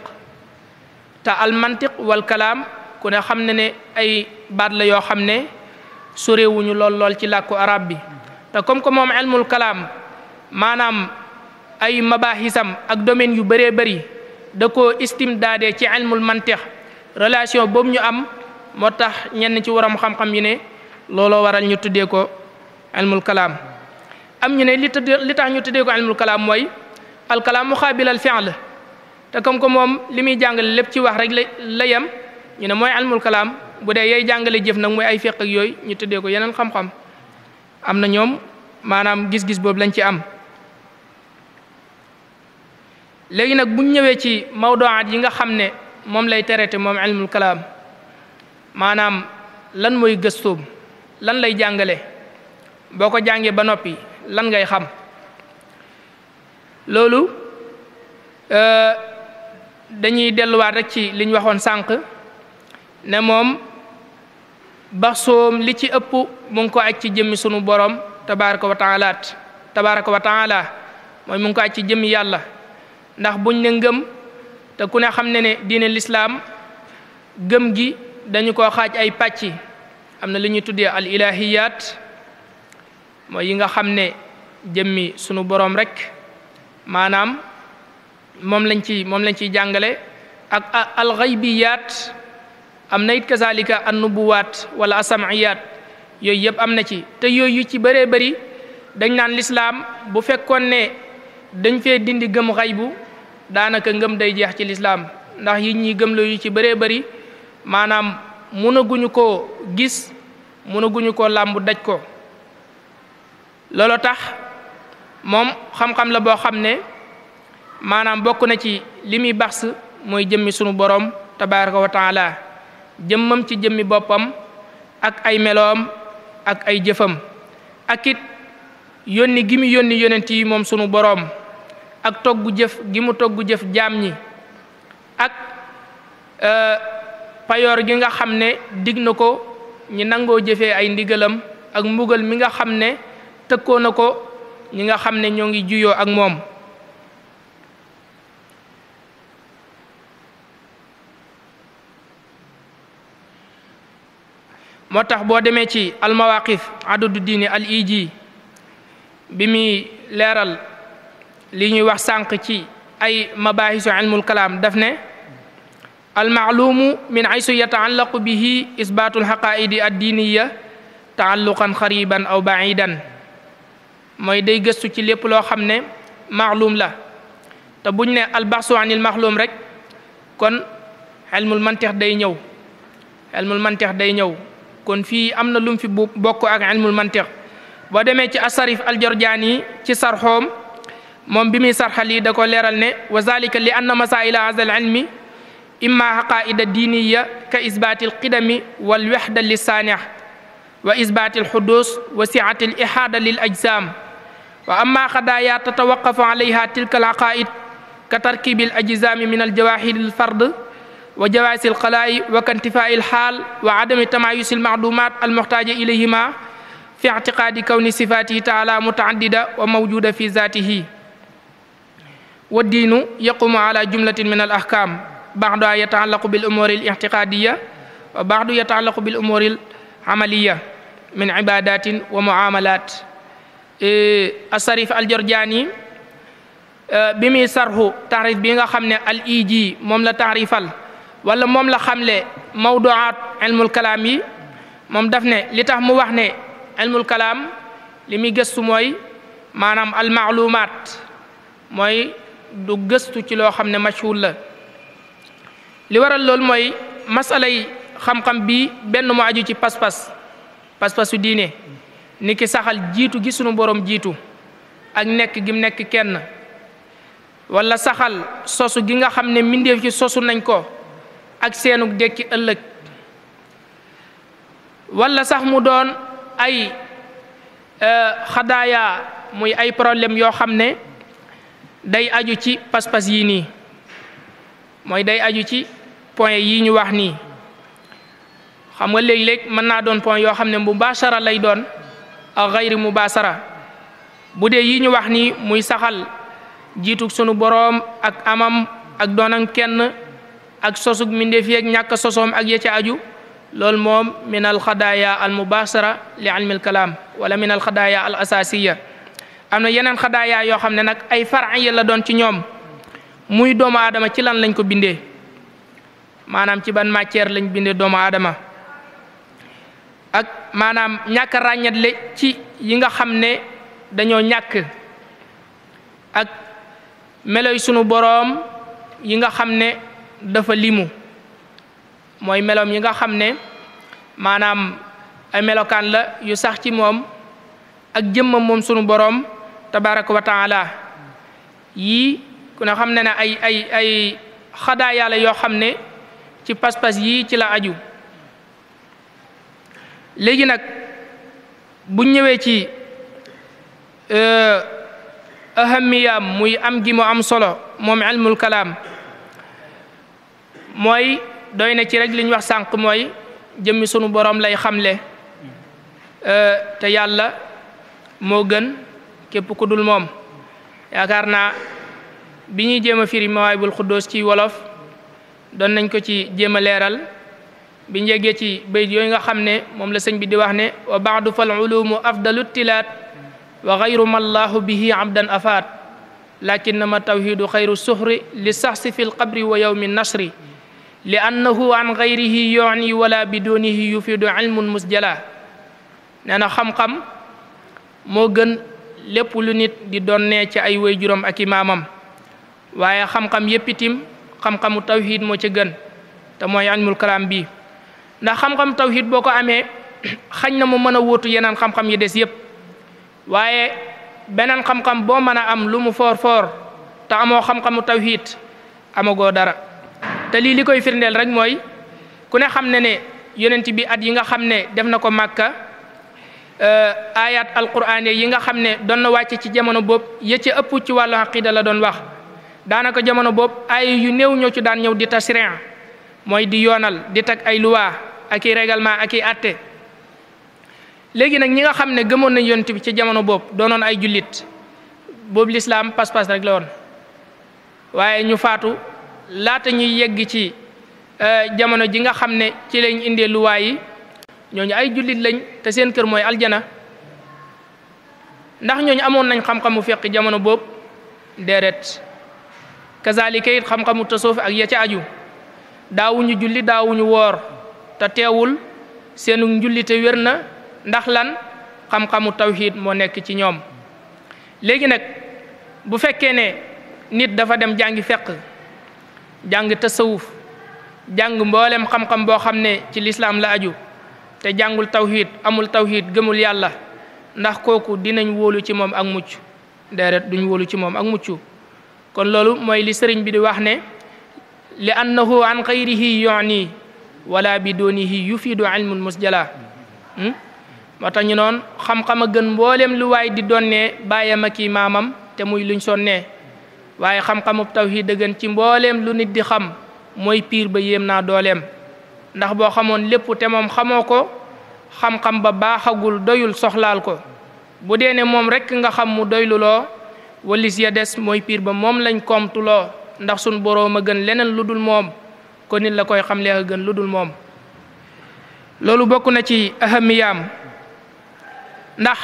te al mantiq wal kalaam ku ne xam ne ne ay baat la yoo xam ne sorewuñu lool lool ci làkku arab bi te comme que moom ilmul kalaam maanaam ay mabaaxisam ak domaine yu bëree bari da ko koo daade ci ilmul mantiq relation boobu ñu am moo tax ñenn ci waram xam-xam yi ne looloo waral ñu tuddee ko ilmul kalaam am ñu ne li tuddee li tax ñu tuddee ko ilmul kalaam mooy alkalaam muqaabil al fi'l te comme que moom li muy jàngale lépp ci wax rek la la yem ñu ne mooy ilmul kalaam bu dee yay jàngale jëf nag mooy ay fiq ak yooyu ñu tuddee ko yeneen xam-xam am na ñoom maanaam gis-gis boobu lañ ci am léegi nag buñ ñëwee ci mawduaat yi nga xam ne moom lay traité moom ilmul kalaam maanaam lan mooy gëstoom lan lay jàngale boo ko jàngee ba noppi lan ngay xam loolu euh, dañuy delluwaat rek ci liñ waxoon sànq ne moom baxsoom li ci ëpp mu ngi ko aj ci jëmmi sunu borom tabaraka wa taalaat tabaraka wa taala mooy mu ngi ko aj ci jëmmi yàlla ndax buñ ne ngëm te ku ne xam ne ne diine lislaam gëm gi dañu ko xaaj ay pàcc am na li ñuy tuddee al ilahiyaat mooy yi nga xam ne jëmmi sunu boroom rek maanaam moom lañ ci moom lañ ciy jàngale ak al xaybiyaat am na it kazalika an nubuwaat wala asamiyaat yooyu yëpp am na ci te yooyu ci bëree bari dañ naan lislaam bu fekkoon ne dañ fee dindi gëm xaybu daanaka ngëm day jeex ci lislaam ndax yi ñuy gëm la ci bëree bëri maanaam mënaguñu koo gis mënaguñu koo làmb daj ko loolu tax moom xam-xam la boo xam ne maanaam bokk na ci li muy baxs mooy jëmmi sunu boroom tabaraka wa jëmmam ci jëmmi boppam ak ay meloom ak ay jëfam ak it yónni gi mu yónni yonent moom sunu boroom ak togg jëf gi mu togg jëf jaam ñi ak euh, payoor gi nga xam ne digg na ko ñi nangoo jëfee ay ndigalam ak mbugal mi nga xam ne tëkkoo na ko ñi nga xam ne ñoo ngi juyoo ak moom moo tax boo demee ci almawaqif adadu diini al iji bi muy leeral li ñuy wax sànq ci ay mabahisu ilmul kalaam daf ne almaalumu min aysu yataallaqu bihi isbaatu alxaqaaidi addiiniya taalluqan xariban aw baa baidan mooy day gëstu ci lépp loo xam ne maalum la te buñ ne albaxsu anil maalum rek kon xelmul mantex day ñëw xelmul mantex day ñëw kon fii am na lum fi bokk ak xelmul mantex boo demee ci asarif aljorjaani ci sarxoom moom bi muy sarxa lii da ko leeral ne wa zalika li anna masaila azal ilmi imma xaqaida diiniya ka isbaati alqidami walwaxda lisaanex wa isbaati alxudus wa siati alixaada lil ajsaam wa amma qadaaya tatawaqafu alayha tilka alaqaid ka tarkibi alajsaami min aljawahiri alfard wa jawaasi alqalaayi wa ka intifaai alxaal wa adami tamaayusi almaclumaat almuxtaaja ilayhima fi ictiqaadi kawni sifaatihi taala mutaaddida wa mawjuda fi zaatihi wa diinu yaqumu ala jumlatin min al ahkaam baxda yataallaqu bil umuuri al itiqaadiya wa baxdu yataallaqu bil umuuri al amaliya min ibadatin wa muamalat e, asarif al jorjaani e, bi muy sarxu taarif bi nga xam ne al iji moom la taarifal wala moom la xamle mawduaat ilmul kalaam yi moom daf ne li tax mu wax ne ilmul kalaam li muy gëstu mooy maanaam al maalumaat mooy du gëstu ci loo xam ne mashhul la li waral loolu mooy masala yi xam-xam bi benn mu aju ci pas-pas pas-pasu diine ni ki saxal jiitu gi sunu borom jiitu ak nekk gim nekk kenn wala saxal sosu gi nga xam ne mbindeef ci sosu nañ ko ak seenug dekki ëllëg wala sax mu doon ay e, xadaaya muy ay problème yoo xam ne day aju ci pas-pas yii nii mooy day aju ci point yi ñu wax nii xam nga léeg-léeg mën naa doon point yoo xam ne mubaasara lay doon ak xayri mubaasara bu dee yi ñu wax nii muy saxal jiitu sunu boroom ak amam ak doonam kenn ak sosug mindeef yeeg ñàkk sosoom ak ya aju lool moom min al xadaaya al mubaasara li ilmi kalaam wala min al xadaaya al asaasiya am na yeneen xadaaya yoo xam ne nag ay far'iya la doon ci ñoom muy doomu aadama ci lan lañ ko bindee maanaam ci ban matière lañ bindee doomu aadama ak maanaam ñàkk a ràññatle ci yi nga xam ne dañoo ñàkk ak meloy sunu boroom yi nga xam ne dafa limu mooy meloom yi nga xam ne maanaam ay melokaan la yu sax ci moom ak jëmmam moom sunu boroom tabaraka wa taala yii ku ne xam ne ne ay ay ay yoo xam ne ci pas-pas yii ci la aju léegi nag buñ ñëwee ci euh, ahamiyaam muy am gi mu am solo moom ilmul kalaam mooy doy na ci rek li ñu wax sànq mooy jëmmi sunu boroom lay xamle euh, te yàlla moo gën képp ku dul moom yaakaar naa bi ñuy jéem a firi bul xuddoos ci wolof doon nañ ko ci jéem a leeral bi njegee ci bayt yooyu nga xam ne moom la sëñ bi di wax ne wa baadu fal ulumu afdalu tilaat wa xayru ma llaahu bihi abdan afaat lakinnama tawhidu xayru suxri li saxsi fi lqabri wa yowmi nasri li annahu an gayrihi yoni wala bidunihi yufidu ilmun musjala nee na xam moo gën lépp nit di donnee ci ay wayjuram ak i maamam waaye xam-xam yépp xam-xamu tawhid moo ci gën te mooy ilmul kalaam bii ndax xam-xam tawhid boo ko amee xañ na mu mën a wóotu yeneen xam-xam yi des yépp waaye beneen xam-xam boo mën a am lu mu foor foor te amoo xam-xamu tawhid amagoo dara te lii li koy firndeel rek mooy ku ne xam ne ne yonent bi at yi nga xam ne def na ko màkka euh, ayat alquraan yi nga xam ne doon na wàcce ci jamono boobu ya ci ëpp ci wàllu aqida la doon wax daanaka jamono boobu ay yu néew ñoo ci daan ñëw di tasrin mooy di yoonal di teg ay loi ak i règlement ak i atte léegi nag ñi nga xam ne gëmoon nañ yonent bi ci jamono boobu doonoon ay jullit boobu lislaam pas-pas rek la woon waaye ñu faatu laata ñuy yegg ci euh, jamono ji nga xam ne ci lañ indee luwaa yi ñooñu ay jullit lañ te seen kër mooy aljana ndax ñooñu amoon nañ xam-xamu fekk jamono boobu déedéet kazalika it xam-xamu tasoof ak ya ca aju daawuñu julli daawuñu woor te teewul seenu njullite wér na ndax lan xam-xamu tawxiid moo nekk ci ñoom léegi nag bu fekkee ne nit dafa dem jàngi feq jàng tasawuf jàng mboolem xam-xam boo xam ne ci lislaam la aju te jàngul tawxiid amul tawxiid gëmul yàlla ndax kooku dinañ wóolu ci moom ak mucc deret duñu wóolu ci moom ak mucc kon loolu mooy li sëriñ bi di wax ne li annahu an xayrihi yoni wala bi doonihi yufiidu ilmun musjala hmm? moo tax ñu noonu xam-xam a gën mbooleem lu waay di donnee bàyyam ak i maamam te muy luñ sonnee waaye xam-xamub tawhiid dëggan ci mbooleem lu nit di xam mooy piir ba yéem naa dooleem ndax boo xamoon lépp te moom xamoo ko xam-xam ba baaxagul doyul soxlaal ko bu dee ne moom rekk nga xam mu doyluloo walis ya des mooy piir ba moom lañ koomtuloo ndax sun boroom a gën leneen lu dul moom kon nit la koy xamle a gën lu dul moom loolu bokk na ci ahamiyaam ndax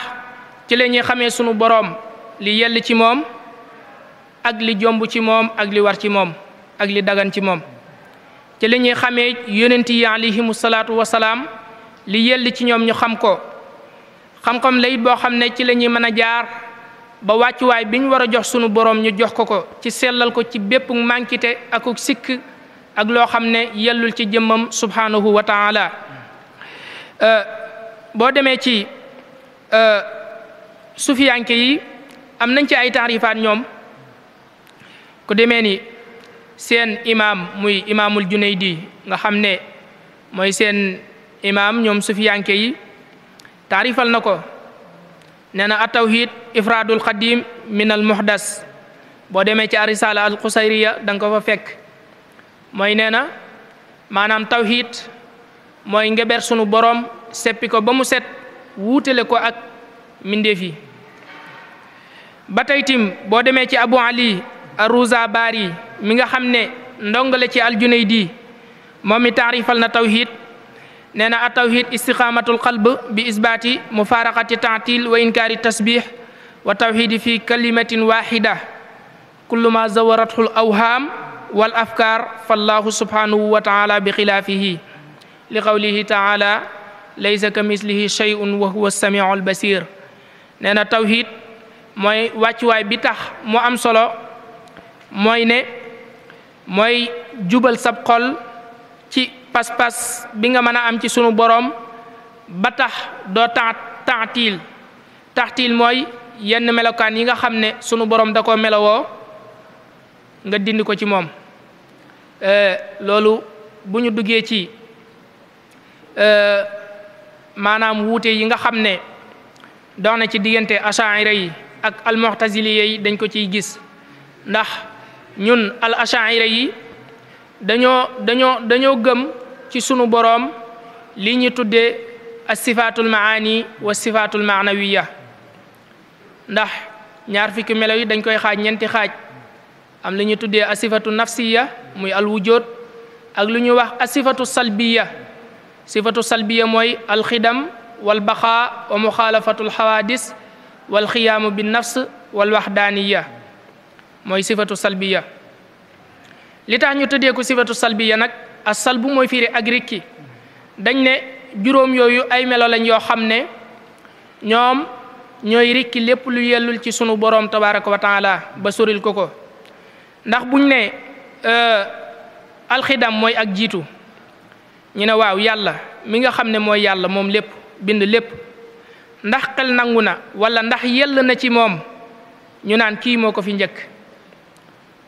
ci la ñuy xamee sunu boroom li yell ci moom ak li jomb ci moom ak li war ci moom ak li dagan ci moom ci la ñuy xamee yonent yi alayhimu salaatu wasalaam li yell ci ñoom ñu xam ko xam-xam la boo xam ne ci lañuy mën a jaar ba wàccuwaay bi ñu war a jox sunu borom ñu jox ko ko ci sellal ko ci bépp mànkite akuk sikk ak loo xam ne yellul ci jëmmam subhanahu wa taala euh, boo demee ci euh, sufiyanke yi am nañ ci ay taarifaat ñoom ku demee ni seen imaam muy imaamul junaydi nga xam ne mooy seen imaam ñoom sufiyanke yi taarifal na ko nee na atawhid ifraadul xadim min al muhdas boo demee ci arisala al xusayriya da fa fekk mooy nee na maanaam tawhid mooy ngeber sunu boroom seppi ko ba mu set wuutale ko ak mbindeef yi ba tey tim boo demee ci abu ali aruza baari mi nga xam ne ndongo ndongale ci aljunaydi moom mi taarifal na tawhid neena na at tawhid istiqaamatul qalb bi isbaati mufaaraqati taatil wa inkaari tasbix wa tawhidi fi kalimatin waxida kulluma zawarathu l awhaam wal afkaar fallahu wa taala bi xilaafihi li qawlihi taala laysa ka mislihi shay'un wa huwa samiu al mooy wàccuwaay bi tax mu am solo mooy ne mooy jubal sab ci pas-pas bi nga mën a am ci sunu boroom ba tax doo tax taxtiil mooy yenn melokaan yi nga xam ne sunu boroom da koo melowoo nga dindi ko ci moom euh, loolu bu ñu duggee ci euh, maanaam wuute yi nga xam ne dox ne ci diggante achaira yi ak almuxtaziliya yi dañ ko ciy gis ndax ñun al achaira yi dañoo dañoo dañoo gëm ci sunu boroom li ñu tuddee as-sifaatul maani wa sifaatul maanawiya ndax ñaar fukki melo yi dañ koy xaaj ñeenti xaaj am li ñu tuddee asifatu nafsiya muy alwujood ak lu ñuy wax asifatu salbiya sifatu salbiya mooy alxidam walbaxaa wa muxaalafatu alxawaadis walxiyaamu bi nafs walwaxdaaniya mooy sifatu salbiya li tax ñu tuddee ko sifatu salbiya nag as salbu mooy firi ak rikki dañ ne juróom yooyu ay melo lañ yoo xam ne ñoom ñooy rikki lépp lu yellul ci sunu boroom tabaraka wa ba soril ko ko ndax buñ ne euh, alxidam mooy ak jiitu ñu ne waaw yàlla mi nga xam ne mooy yàlla moom lépp bind lépp ndax xel nangu na wala ndax yell na ci moom ñu naan kii moo ko fi njëkk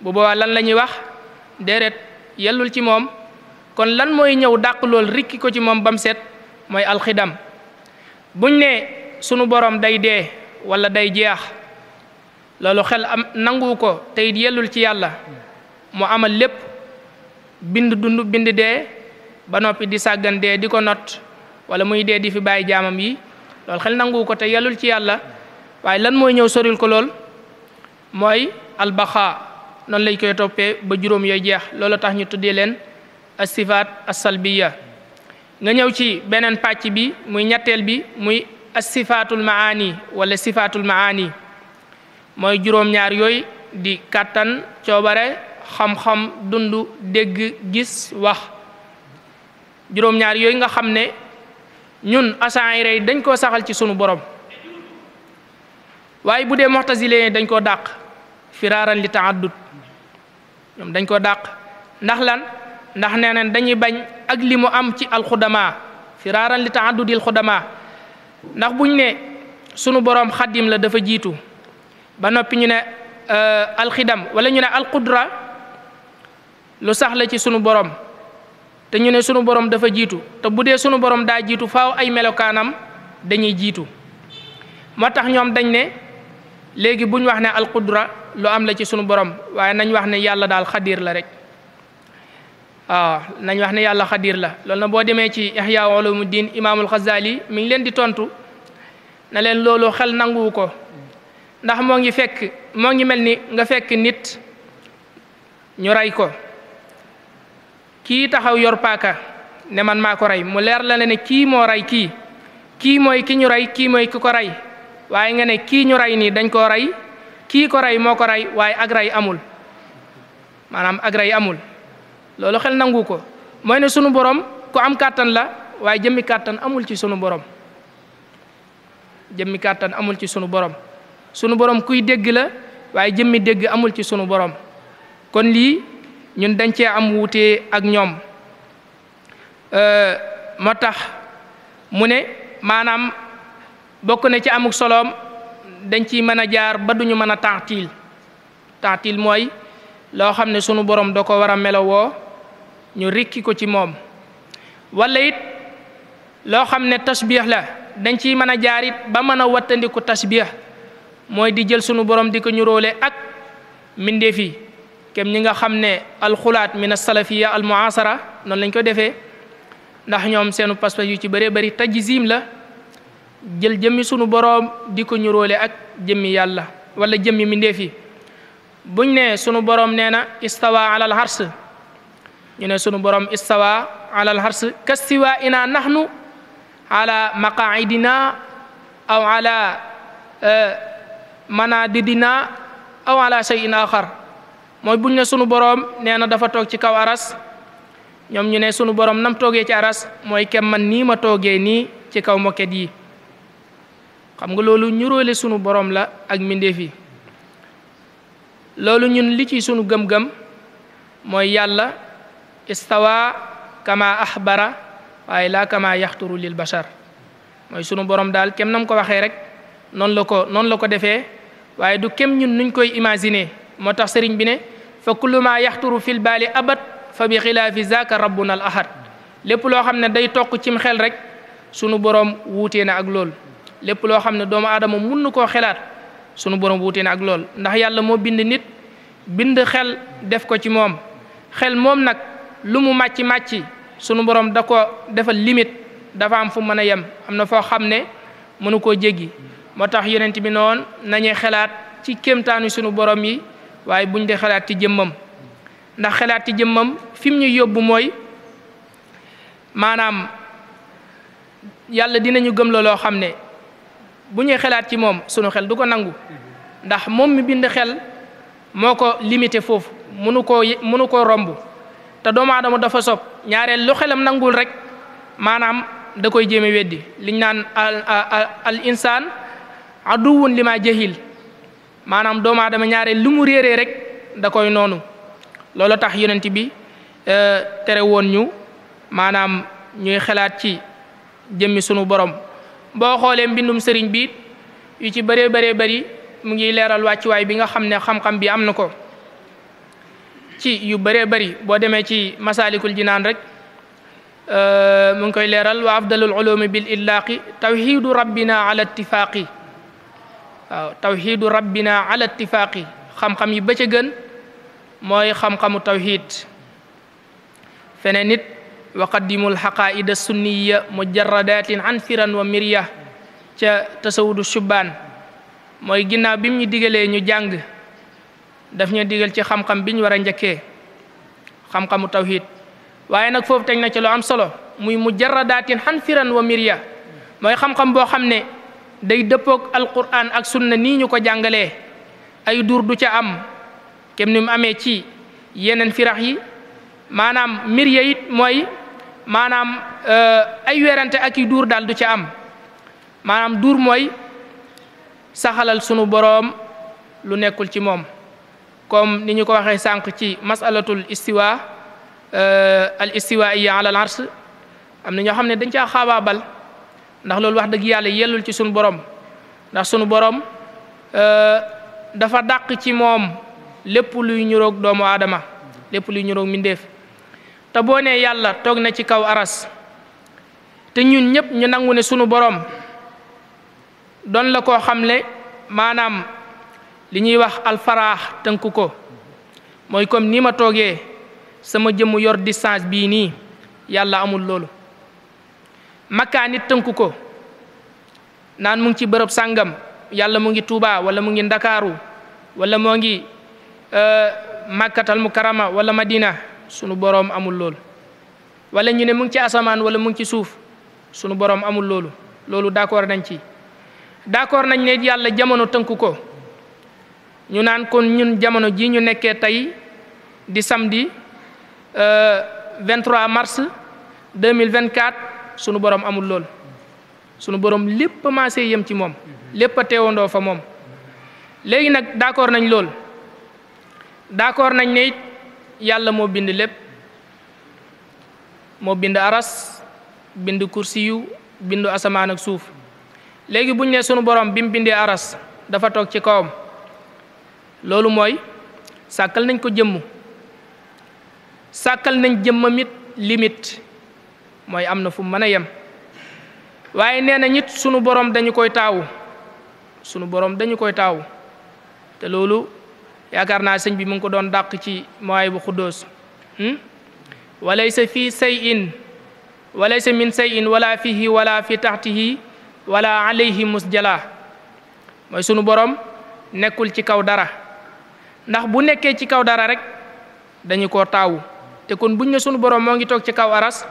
bu boobaa lan la ñuy wax déedéet yellul ci moom kon lan mooy ñëw dàq lool rikki ko ci moom ba mu mooy alxidam buñ ne sunu borom day dee walla day jeex loolu xel am nangu ko te it yellul ci yàlla mu amal lépp bind dund bind dee ba noppi di sàggan dee di ko not wala muy dee di fi bàyyi jaamam yi loolu xel nangu ko te yellul ci yàlla waaye lan mooy ñëw soril ko lool mooy albaxa noonu lañ koy toppee ba juróom yooy jeex loolu tax ñu tuddee leen asifaat asalbiya nga ñëw ci beneen pàcc bi muy ñetteel bi muy asifaatul maani wala sifaatul maani mooy juróom-ñaar yooyu di kàttan coobare xam-xam dund dégg gis wax juróom-ñaar yooyu nga xam ne ñun asaayira yi dañ koo saxal ci sunu boroom waaye bu dee moxtasile dañ koo dàq firaaran li taaddud ñoom dañ koo dàq ndax lan ndax nee dañuy bañ ak li mu am ci alxudama firaaran li taaddudil xudama ndax buñ ne sunu borom xaddim la dafa jiitu ba noppi ñu ne euh, alxidam wala ñu ne alqudra lu sax ci sunu borom te ñu ne sunu borom dafa jiitu te bu dee sunu borom daa jiitu faaw ay melokaanam dañuy jiitu moo tax ñoom dañ ne léegi buñ wax ne alqudra lu am la ci sunu borom waaye nañ wax ne yàlla daal xaddir la rek waaw ah, nañ wax ne yàlla xadir la lool na boo demee ci ihya ulumuddin imaamul xazali mi ngi leen di tontu na leen loolu xel nanguwu ko ndax moo ngi fekk moo ngi mel ni nga fekk nit ñu rey ko kii taxaw yor paaka ne man maa ko rey mu leer la ne ne kii moo rey kii kii mooy ki ñu rey kii mooy ki ko rey waaye nga ne kii ñu rey nii dañ koo rey kii ko rey moo ko rey waaye ak yi amul maanaam ak yi amul loolu xel nangu ko mooy ne sunu borom ku am kàttan la waaye jëmmi kàttan amul ci sunu borom jëmmi kàttan amul ci sunu borom sunu borom kuy dégg la waaye jëmmi dégg amul ci sunu borom kon lii ñun dañ cee am wuute ak ñoom moo tax mu ne maanaam bokk na ci amuk soloom dañ ciy mën a jaar ba duñu mën a taatiil taatiil mooy loo xam ne sunu borom doo ko war a melowoo ñu rikki ko ci moom walla it loo xam ne tasbiix la dañ ciy mën a jaar it ba mën a wattandiku tasbiix mooy di jël sunu borom di ko ñu róole ak mbindeef yi kem ñi nga xam ne alxulaat na salafi asalafiya almuasara noonu lañ ko defee ndax ñoom seenu pas-pas yu ci bëree bëri tajzim la jël jëmmi sunu boroom di ko ñu róole ak jëmmi yàlla wala jëmmi mbindeef yi buñ ne sunu boroom nee na istawa ala al ñu ne sunu borom istawa ala alxars kastiwa ina nahnu ala maqaidina aw ala e, manadidina aw ala shay'in xar mooy buñ ne sunu borom nee na dafa toog ci kaw aras ñoom ñu ne sunu borom nam toogee ci aras mooy kem man nii ma toogee nii ci kaw moket yi xam nga loolu ñuróole sunu borom la ak mbindeef yi loolu ñun li sunu gëm-gëm mooy yàlla istawa kama axbara waaye laa kama yaxturu lil bashar mooy sunu borom daal kem nam ko waxee rek noonu la ko noonu la ko defee waaye du kem ñun nuñ koy imaginer moo tax sëriñ bi ne fa kullu ma yaxturu fil baali abad fa bi xilaafi zaaka rabbuna al ahad lépp loo xam ne day toq cim xel rek sunu borom wuutee na ak lool lépp loo xam ne doomu aadama mun na koo xelaat sunu borom wuutee na ak lool ndax yàlla moo bind nit bind xel def ko ci moom xel moom nag lu mu màcc màcc sunu borom da ko defal limite dafa am fu mën a yem am na foo xam ne mënu koo jéggi moo tax yonent bi noonu nañuy xalaat ci kéemtaanu sunu borom yi waaye buñ di xalaat ci jëmmam ndax xalaat ci jëmmam fi mu ñuy yóbbu mooy maanaam yàlla dinañu gëm la loo xam ne bu ñuy xalaat ci moom sunu xel du ko nangu ndax moom mi bind xel moo ko limité foofu mënu koo mënu koo romb te doomaadama dafa sob ñaareel lu xelam nangul rek maanaam da koy jéeme weddi liñ naan al insaan aduwun lima jahil maanaam doomu aadama ñaareel lu mu réeree rek da koy noonu loolu tax yonent bi euh, tere woon ñu maanaam ñuy xalaat ci jëmmi sunu borom boo xoolee mbindum sëriñ bi yu ci bëree bëree bari mu ngi leeral wàccuwaay bi nga xam ne xam-xam bi am na ko ci yu bëree bari boo demee ci masalikul jinaan rek euh, mu ngi koy leeral wa afdalul ulumi bil illaaqi tawxidu rabbina ala ittifaaqi waaw rabbina ala ittifaaqi xam-xam yi ba ca gën mooy xam-xamu tawxid feneen nit wa qaddimu alxaqaida sunniya mujaradatin an firan wa mirya ca tasawudu subbaan mooy ginnaaw bi mu ñu digalee ñu jàng daf ñu digal ci xam-xam bi ñu war a njëkkee xam-xamu tawhid waaye nag foofu teg na ci lu am solo muy xan xanfiran wa mirya mooy xam-xam boo xam ne day dëppook alquran ak sunna nii ñu ko jàngalee ay duur du ca am kem ni mu ci yeneen firax yi maanaam mirya it mooy maanaam euh, ay werante ak i duur daal du ca am maanaam duur mooy saxalal sunu boroom lu nekkul ci moom comme ni ñu ko waxee sànq ci masalatul istiwa euh, al istiwa iya ala al arsh am na ñoo xam ne dañ caa xaabaabal ndax loolu wax dëgg yàlla yellul ci sunu borom ndax sunu borom euh, dafa dàq ci moom lépp luy ñuroog doomu aadama lépp luy ñuroog mbindéef te boo nee yàlla toog na ci kaw aras te ñun ñëpp ñu nangu ne sunu borom doon la koo xam ne maanaam li ñuy wax alfaraax tënku ko mooy comme ni ma toogee sama jëmm yor distance bii nii yàlla amul loolu makkaa nit tënku ko naan mu ngi ci bërëb sàngam yàlla mu ngi Tuuba wala mu ngi Ndakaaru wala moo ngi euh, Makkatal karama wala Madina sunu borom amul loolu wala ñu ne mu ngi ci asamaan wala mu ngi ci suuf sunu borom amul loolu loolu d'accord nañ ci d'accord nañ ne yàlla jamono tënku ko ñu naan kon ñun jamono ji ñu nekkee tey di samedi 23 euh, mars 2024 sunu borom amul lool sunu borom lépp maase yem ci moom lépp a teewandoo fa moom léegi nag d'accord nañ lool d'accord nañ ne yàlla moo bind lépp moo bind aras bind kursiyu bindu asamaan ak suuf léegi buñ ne sunu borom bi mu bindee aras dafa toog ci kawam loolu mooy sàkkal nañ ko jëmm sàkkal nañ jëmmam it mooy am na fu mën a yem waaye nee na ñit sunu borom dañu koy taawu sunu borom dañu koy taawu te loolu yaakaar naa sëñ bi mu ngi ko doon dàq ci mooy bu xuddoos hmm? walaysa fii sayin walaysa min sayin wala fihi wala fi taxtihi wala alayhi musjala mooy sunu borom nekkul ci kaw dara ndax bu nekkee ci kaw dara rek dañu ko taawu te kon buñ ne sunu borom moo ngi toog ci kaw aras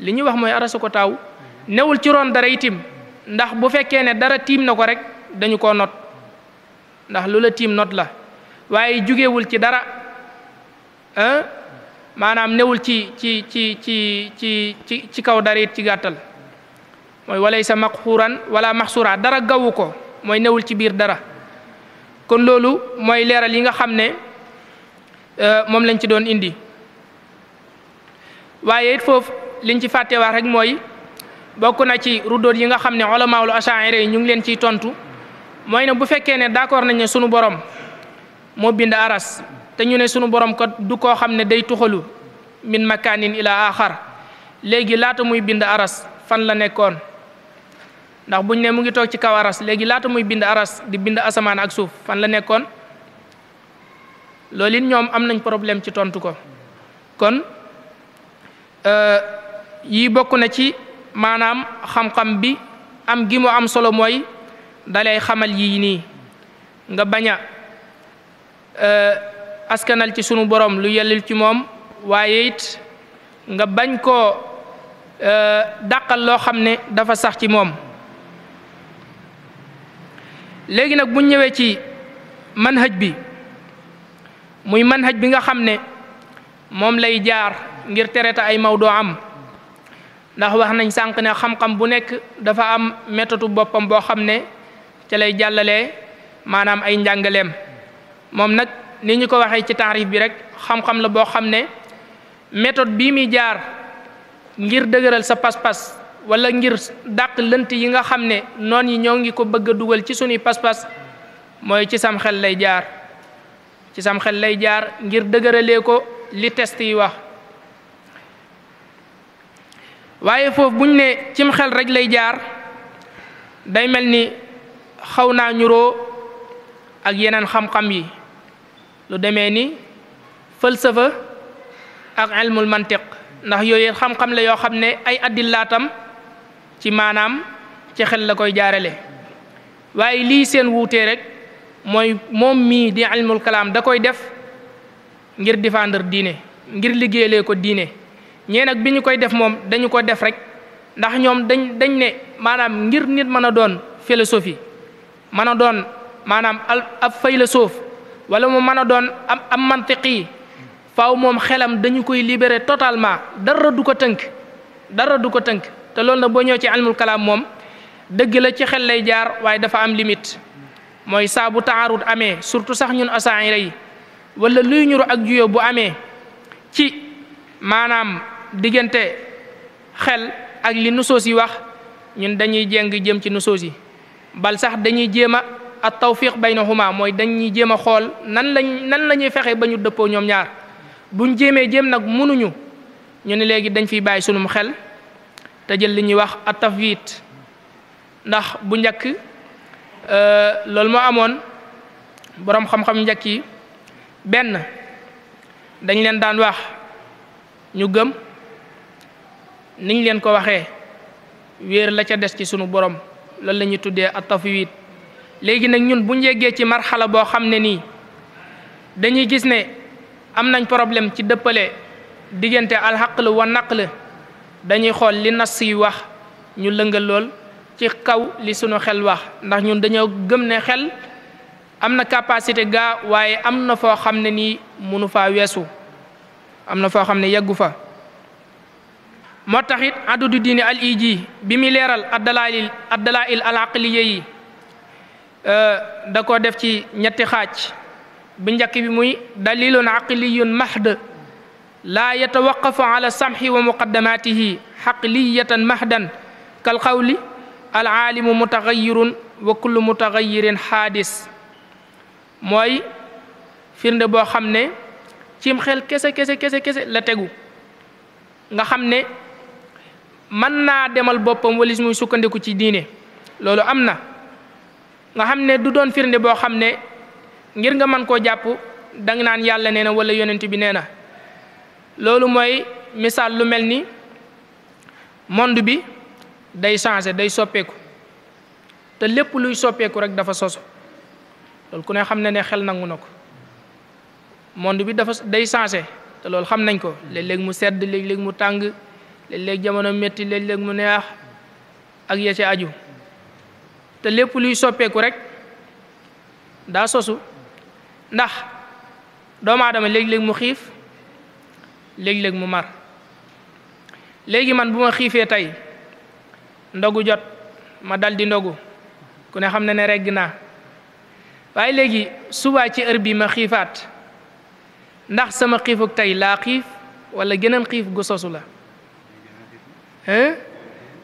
li ñuy wax mooy arasu ko taawu newul ci ron dara itim ndax bu fekkee ne dara tiim na ko rek dañu koo not ndax lu la tiim not la waaye jugewul ci dara maanaam newul ci ci ci ci ci ci ci kaw dara yit ci gàttal mooy walay sa maxuuran wala suraa dara gawu ko mooy newul ci biir dara kon loolu mooy leeral yi nga xam ne euh, moom lañ ci doon indi waaye it foofu liñ ci fàtte wax rek mooy bokk na ci ruddoot yi nga xam ne olamaawul achaira yi ñu ngi leen ciy tontu mooy ne bu fekkee ne d'accord nañ ne sunu borom moo bind aras te ñu ne sunu borom ko du koo xam ne day tuxalu min makaanin ila axar léegi laata muy bind aras fan la nekkoon ndax buñ ne mu ngi toog ci kaw aras léegi laata muy bind aras di bind asamaan ak suuf fan la nekkoon loolu it ñoom am nañ problème ci tontu ko kon euh, yi bokk na ci maanaam xam-xam bi am gi mu am solo mooy dalay xamal yii nii nga bañ a euh, askanal ci sunu borom lu yellul ci moom waaye it nga bañ koo euh, dàqal loo xam ne dafa sax ci moom léegi nag bu ñëwee ci manhaj bi muy manhaj bi nga xam ne moom lay jaar ngir tereta ay mawdu am ndax wax nañ sànq ne xam-xam bu nekk dafa am méthode boppam boo xam ne ca lay jàllale maanaam ay njàngaleem moom nag ni ñu ko waxee ci taarif bi rek xam-xam la boo xam ne méthode bii muy jaar ngir dëgëral sa pas-pas wala ngir dàq lënt yi nga xam ne noon yi ñoo ngi ko bëgg a dugal ci suñuy pas-pas mooy ci sam xel lay jaar ci sam xel lay jaar ngir dëgëralee ko li test yi wax waaye foofu buñ ne cim xel rek lay jaar day mel ni xaw naa ñuroo ak yeneen xam-xam yi lu demee ni fël falsafa ak ilmul mantiq ndax yooyu xam-xam la yoo xam ne ay addilaatam ci maanaam ci xel la koy jaarale waaye lii seen wuutee rek mooy moom mii di ilmul kalaam da koy def ngir défendre diine ngir liggéeyalee ko diine ñee nag bi ñu koy def moom dañu ko def rek ndax ñoom dañ dañ ne maanaam ngir nit mën a doon philosophie mën a doon maanaam ab philosophe wala mu mën a doon am am mantiqi faaw moom xelam dañu koy libérer totalement dara du ko tënk dara du ko tënk te loolu nag boo ñëw ci almul kalaam moom dëgg la ci xel lay jaar waaye dafa am limite mooy saa bu taarut amee surtout sax ñun asaanira yi rey walla luy ñuru ak juyo bu amee ci maanaam diggante xel ak li nusoos yi wax ñun dañuy jéng jëm ci nusoos yi bal sax dañuy jéem a at tawfiq baynahuma mooy dañuy jéem a xool nan lañ nan la ñuy fexe ba ñu dëppoo ñoom ñaar buñ jéemee jéem nag mënuñu ñu ne léegi dañ fiy bàyyi sunum xel te jël li ñuy wax atafwit ndax bu njëkk euh, loolu moo amoon boroom xam-xam njëkk yi benn dañ leen daan wax ñu gëm niñ leen ko waxee wéer la ca des ci sunu borom loolu la ñuy tuddee atafwit léegi nag ñun bu ñu ci marxala boo xam ne nii dañuy gis ne am nañ problème ci dëppale diggante alxaql wa la dañuy xool li nas yi wax ñu lëngal lool ci kaw li sunu xel wax ndax ñun dañoo gëm ne xel am na capacité gaa waaye am na foo xam ne nii mënu faa weesu am na foo xam ne yeggu fa moo tax it addudu diini al ji bi muy leeral addalail addalail al aqliya yi euh, da ko def ci ñetti xaaj bu njëkk bi muy dalilun aqliyun mahd laa yatawaqafu ala samxi wa muqaddamatihi xaqliyatan mahdan kal qawli alaalimu mutaxayirun wa kullu mutaxayirin xaadis mooy firnde boo xam ne cim xel kese kese kese kese la tegu nga xam ne mën naa demal boppam walis muy sukkandiku ci diine loolu am na nga xam ne du doon firnde boo xam ne ngir nga mën koo jàpp danga naan yàlla nee na wala yonent bi nee na loolu mooy misaal lu mel ni monde bi day changé day soppeeku te lépp luy soppeeku rek dafa soso ku ne xam na ne xel nangu ko monde bi dafa day changé loolu xam nañ ko léeg mu sedd léeg-léeg mu tàng léeg jamono métti léeg-léeg mu neex ak ya ci aju lépp luy soppeeku rek daa sosu ndax doomu aadama léeg-léeg mu xiif léegi léeg mu mar léegi man bu ma xiifee tey ndogu jot ma daldi di ndogu ku ne xam na ne regg naa waaye léegi subaa ci heure bi ma xiifaat ndax sama xiifuk tey laa xiif wala geneen xiif gu sosu la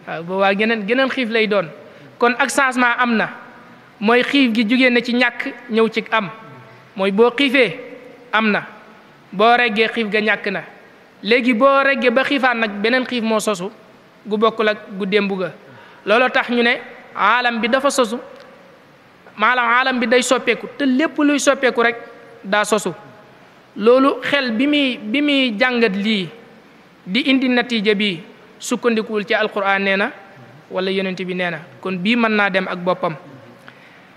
waaw boobaa geneen geneen xiif lay doon kon ak changement am na mooy xiif gi jóge na ci ñàkk ñëw ci am mooy boo xiifee am na boo reggee xiif ga ñàkk na léegi boo reggee ba xiifaan nag beneen xiif moo sosu gu bokkul ak gu démb ga looloo tax ñu ne aalam bi dafa sosu maanaam aalam bi day soppeeku te lépp luy soppeeku rek daa sosu loolu xel bi muy bi muy jàngat lii di indi natiija bi sukkandikuwul ci alquran nee na wala yonent bi nee na kon bii mën naa dem ak boppam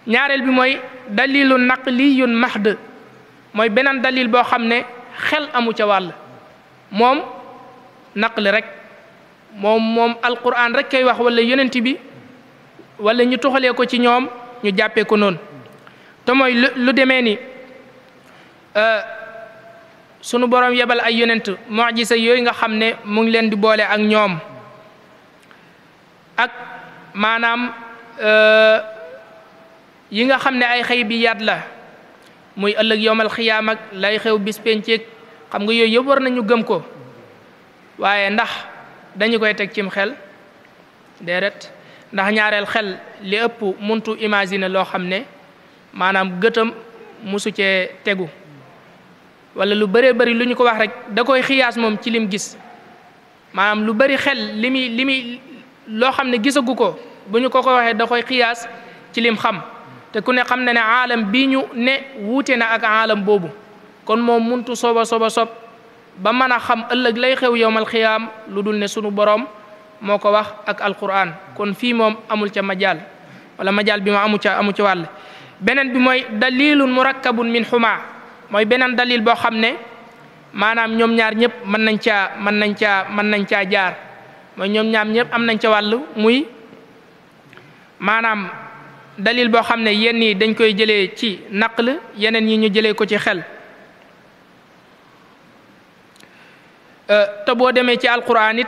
ñaareel bi mooy dalilu naqliyun mahd mooy beneen dalil boo xam ne xel amu ca wàll moom naqli rek moom moom alquran rek kay wax wala yonent bi wala ñu tuxalee ko ci ñoom ñu jàppee ko noonu te mooy lu lu demee ni euh, sunu borom yebal ay yonent sa yooyu nga xam ne mu ngi leen di boole ak ñoom ak maanaam euh, yi nga xam ne ay xëy bi yaat la muy ëllëg yowmal xiyaam lay xew bis xam nga yooyu yëpp war nañu gëm ko waaye ndax dañu koy teg cim xel déedéet ndax ñaareel xel li ëpp muntu imaginer loo xam ne maanaam gëtam musu cee tegu walla lu bëree bari lu ñu ko wax rek da koy xiyaas moom ci lim gis maanaam lu bari xel li muy li muy loo xam ne gisagu ko bu ñu ko ko waxee da koy xiyaas ci lim xam te ku ne xam ne ne aalam bii ñu ne wuute na ak aalam boobu kon moom muntu soba soba sob ba mën a xam ëllëg lay xew yowmal xiyaam lu dul ne sunu boroom moo ko wax ak alquran kon fii moom amul ca majaal wala majaal bi ma amul ca amu ca wàll beneen bi mooy dalilun murakkabun min xuma mooy beneen dalil boo xam ne maanaam ñoom ñaar ñëpp mën nañ caa mën nañ caa mën nañ caa jaar mooy ñoom ñaar ñëpp am nañ ca wàll muy maanaam dalil boo xam ne yenn yi dañ koy jëlee ci naql yeneen yi ñu jëlee ko ci xel Euh, te boo demee ci alquran it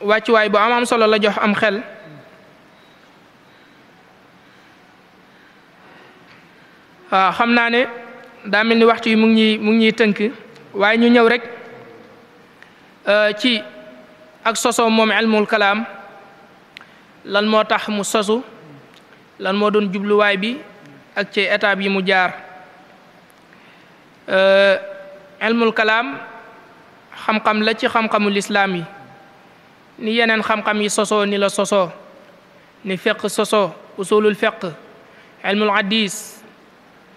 wàccuwaay bu am am solo la jox am xel waaw ah, xam naa ne daa mel ni waxtu yi mu ngi ñuy mu ngi ñuy tënk waaye ñu ñëw rek euh, ci ak soso moom ilmul kalaam lan moo tax mu sosu lan moo doon jubluwaay bi ak ci étape yi mu jaar euh, ilmul kalaam xam-xam la ci xam-xamul islaam yi ni yeneen xam-xam yi sosoo ni la sosoo ni feq sosoo usulul feq ilmul hadis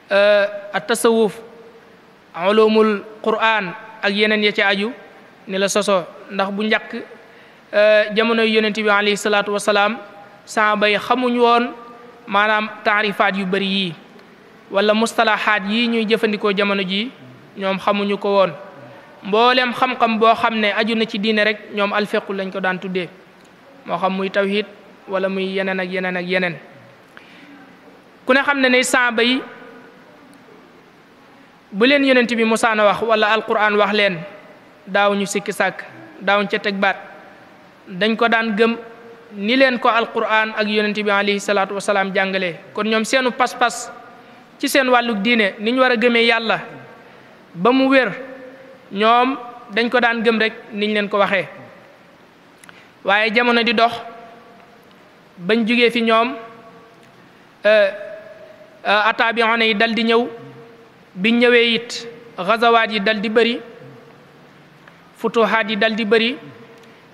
euh, at tasawuf ulumul quran ak yeneen ya ci aju ni la sosoo ndax bu njëkk euh, jamono yu yonent bi alayhi salaatu wasalaam saaba yi xamuñu woon maanaam taarifaat yu bari yii wala mustalahaat yi ñuy jëfandikoo jamono ji ñoom xamuñu ko woon mbooleem xam-xam boo xam ne aju na ci diine rek ñoom alfiqu lañ ko daan tuddee moo xam muy tawhid wala muy yeneen ak yeneen ak yeneen ku ne xam ne ne saaba yi bu leen yonent bi a wax wala alquran wax leen daaw ñu sikki sàkk daawuñ ca teg baat dañ ko daan gëm ni leen ko alquran ak yonent bi alayhi salaatu wasalaam jàngalee kon ñoom seenu pas-pas ci seen wàlluk diine niñ war a gëmee yàlla ba mu wér ñoom dañ ko daan gëm rek niñ leen ko waxee waaye jamono di dox bañ jugee fi ñoom euh, euh, ataabiona yi dal di ñëw biñ ñëwee it xazawaat yi daldi bari bëri yi dal di bëri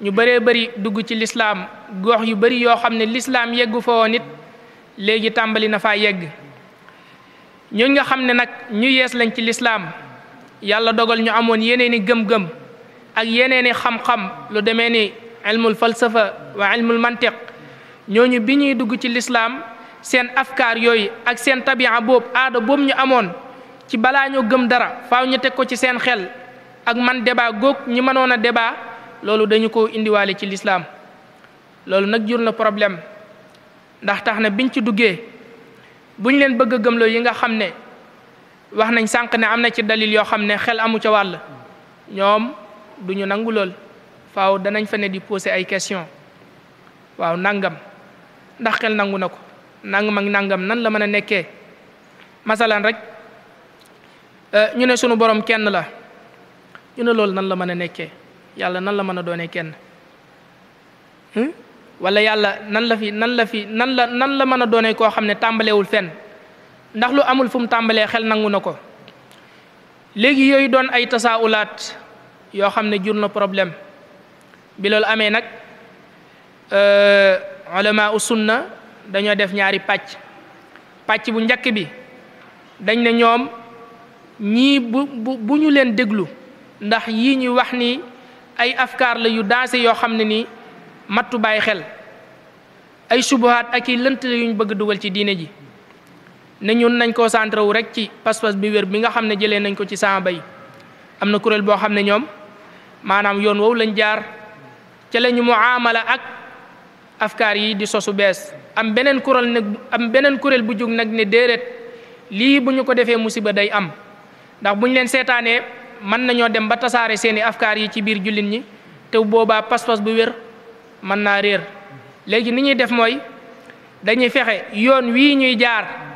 ñu bëree bari dugg ci lislaam gox yu bari yoo xam ne lislaam yeggu fa woon it léegi tàmbali na faa yegg ñun nga xam ne nag ñu yees lañ ci lislaam yàlla dogal ñu amoon yeneen i gëm-gëm ak yeneen i xam-xam lu demee ni ilmul falsafa wa ilmul mantiq ñooñu bi ñuy dugg ci lislaam seen afkaar yooyu ak seen tabi'a boobu aada boobu ñu amoon ci balaa ñoo gëm dara faw ñu teg ko ci seen xel ak man débat góog ñi mënoon a débat loolu dañu ko indiwaale ci lislaam loolu nag jur na problème ndax tax na biñ ci duggee buñ leen bëgg a gëmloo yi nga xam ne wax nañ sànq ne am na ci dalil yoo xam ne xel amu ca wàll ñoom du ñu nangu lool faaw danañ fa ne di poser ay question waaw nangam ndax xel nangu na ko nangam ak nangam nan la mën a nekkee masalan rek euh, ñu ne sunu borom kenn la ñu ne loolu nan la mën a nekkee yàlla nan la mën a doonee kenn wala yàlla nan la fi nan la fi nan la nan la mën a doonee koo xam ne tàmbalewul fenn ndax lu amul fu mu tàmbalee xel nangu na ko léegi yooyu doon ay tasaawulaat yoo xam ne jur na problème bi loolu amee nag euh, ulama u sunna dañoo def ñaari pàcc pàcc bu njëkk bi dañ ne ñoom ñii bu bu bu ñu leen déglu ndax yii ñuy wax ni ay afkaar la yu daase yoo xam ne ni mattu bàyyi xel ay subuhaat ak i lënt la yuñ bëgg dugal ci diine ji ne ñun nañ koo centré wu rek ci pas-pas bi wér bi nga xam ne jëlee nañ ko ci saaba yi am na kuréel boo xam ne ñoom maanaam yoon woowu lañ jaar ca la ñu muamala ak afkaar yi di sosu bees am beneen kuréel nag am beneen kuréel bu jóg nag ne déedéet lii bu ñu ko defee musiba day am ndax bu ñu leen seetaanee mën nañoo dem ba tasaare seeni afkaar yi ci biir jullit ñi te boobaa pas bu wér mën naa réer léegi ni ñuy def mooy dañuy fexe yoon wii ñuy jaar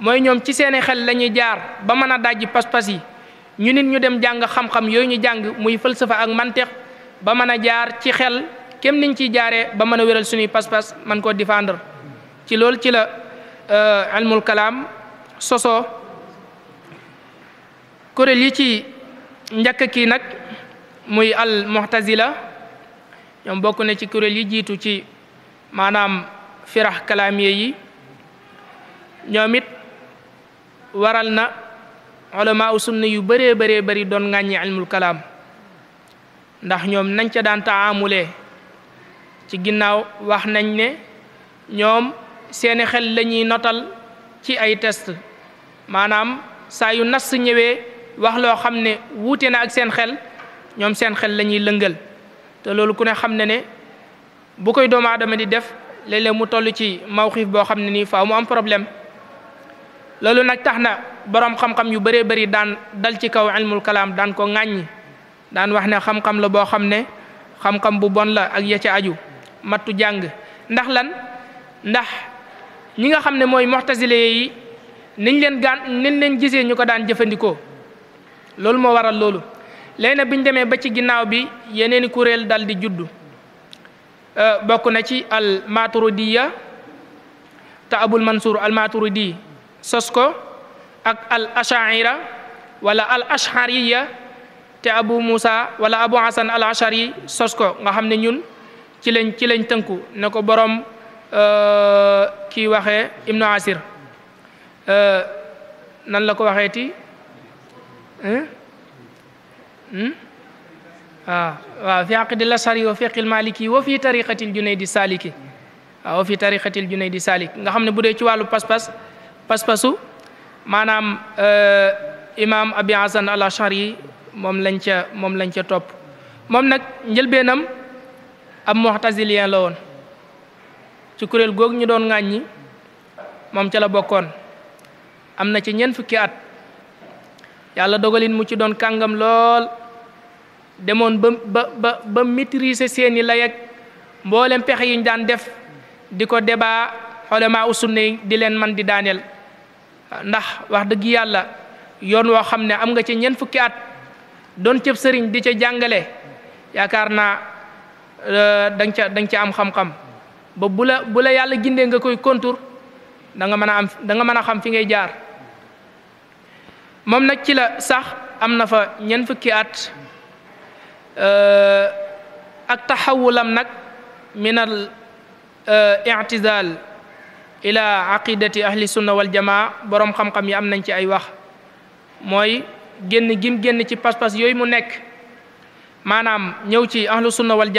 mooy ñoom ci seeni xel la ñuy jaar ba mën a dajji pas-pas yi ñu nit ñu dem jàng xam-xam yooyu ñu jàng muy falsafa ak mantex ba mën a jaar ci xel kem niñ ciy jaaree ba mën a wéral suñuy pas-pas man koo défendre ci loolu ci la euh, ilmul kalaam soso kuréel yi ci njëkk kii nag muy al muhtazila ñoom bokk na ci kuréel yi jiitu ci maanaam firax kalaamiye yi ñoom waral na ulama sunna yu bëree bëree bari doon ŋàññi ilmul kalaam ndax ñoom nañ ca daan taamulee ci ginnaaw wax nañ ne ñoom seeni xel lañuy ñuy notal ci ay test maanaam saa yu nas ñëwee wax loo xam ne wuute na ak seen xel ñoom seen xel la ñuy lëngal te loolu ku ne xam ne ne bu koy doomu aadama di def léeg-léeg mu toll ci mawxif boo xam ne nii faaw mu am problème loolu nag tax na boroom xam-xam yu bëree bëri daan dal ci kaw ilmul kalaam daan ko ŋàññi daan wax ne xam-xam la boo xam ne xam-xam bu bon la ak ya ci aju mattu jàng ndax lan ndax ñi nga xam ne mooy mu'tazile yi niñ leen gaan niñ leen gisee ñu ko daan jëfandikoo loolu moo waral loolu léegi nag bi demee ba ci ginnaaw bi yeneeni kuréel dal di juddu euh, bokk na ci al maturidiya te abul mansour al maturidi sos ko ak al ashaira wala al ashariya te abu musa wala abu hasan al ashari sos nga xam ne ñun ci lañ ci lañ tënku ne ko borom euh, kii waxe ibnu asir euh, nan la ko waxee ti waaw hmm? ah, waaw fi aqdi lashari wa fiqil maliki wa fi tariqatil junaydi saliki waaw ah, wa fi tariqatil junaydi salik nga xam ne bu ci wàllu pas-pas pas-pasu maanaam euh, imaam abi hasan al ashari moom lañ ca moom lañ ca topp moom nag njëlbeenam am mu'tazilien la woon ci kuréel googu ñu doon ñi moom ca la bokkoon am na ci ñeent fukki at yàlla dogalin mu ci doon kàngam lool demoon ba ba ba ba maîtriser seeni lay ak mboolem pexe yi ñu daan def di ko débat ulama usunna yi di leen man di daaneel ndax wax dëgg yàlla yoon woo xam ne am nga ci ñeent fukki at doon cëb sëriñ di ca jàngale yaakaar naa euh, danga ca danga ca am xam-xam ba bu yàlla gindee nga koy contour da nga mën a am da mën a xam fi ngay jaar moom nag ci la sax am na fa ñeent fukki at euh, ak taxawulam nag minal euh, i'tizaal ila aqidati ahli sunna wal jamaa boroom xam-xam yi am nañ ci ay wax mooy génn gim génn ci pas-pas yooyu mu nekk maanaam ñëw ci ahlu sunna wal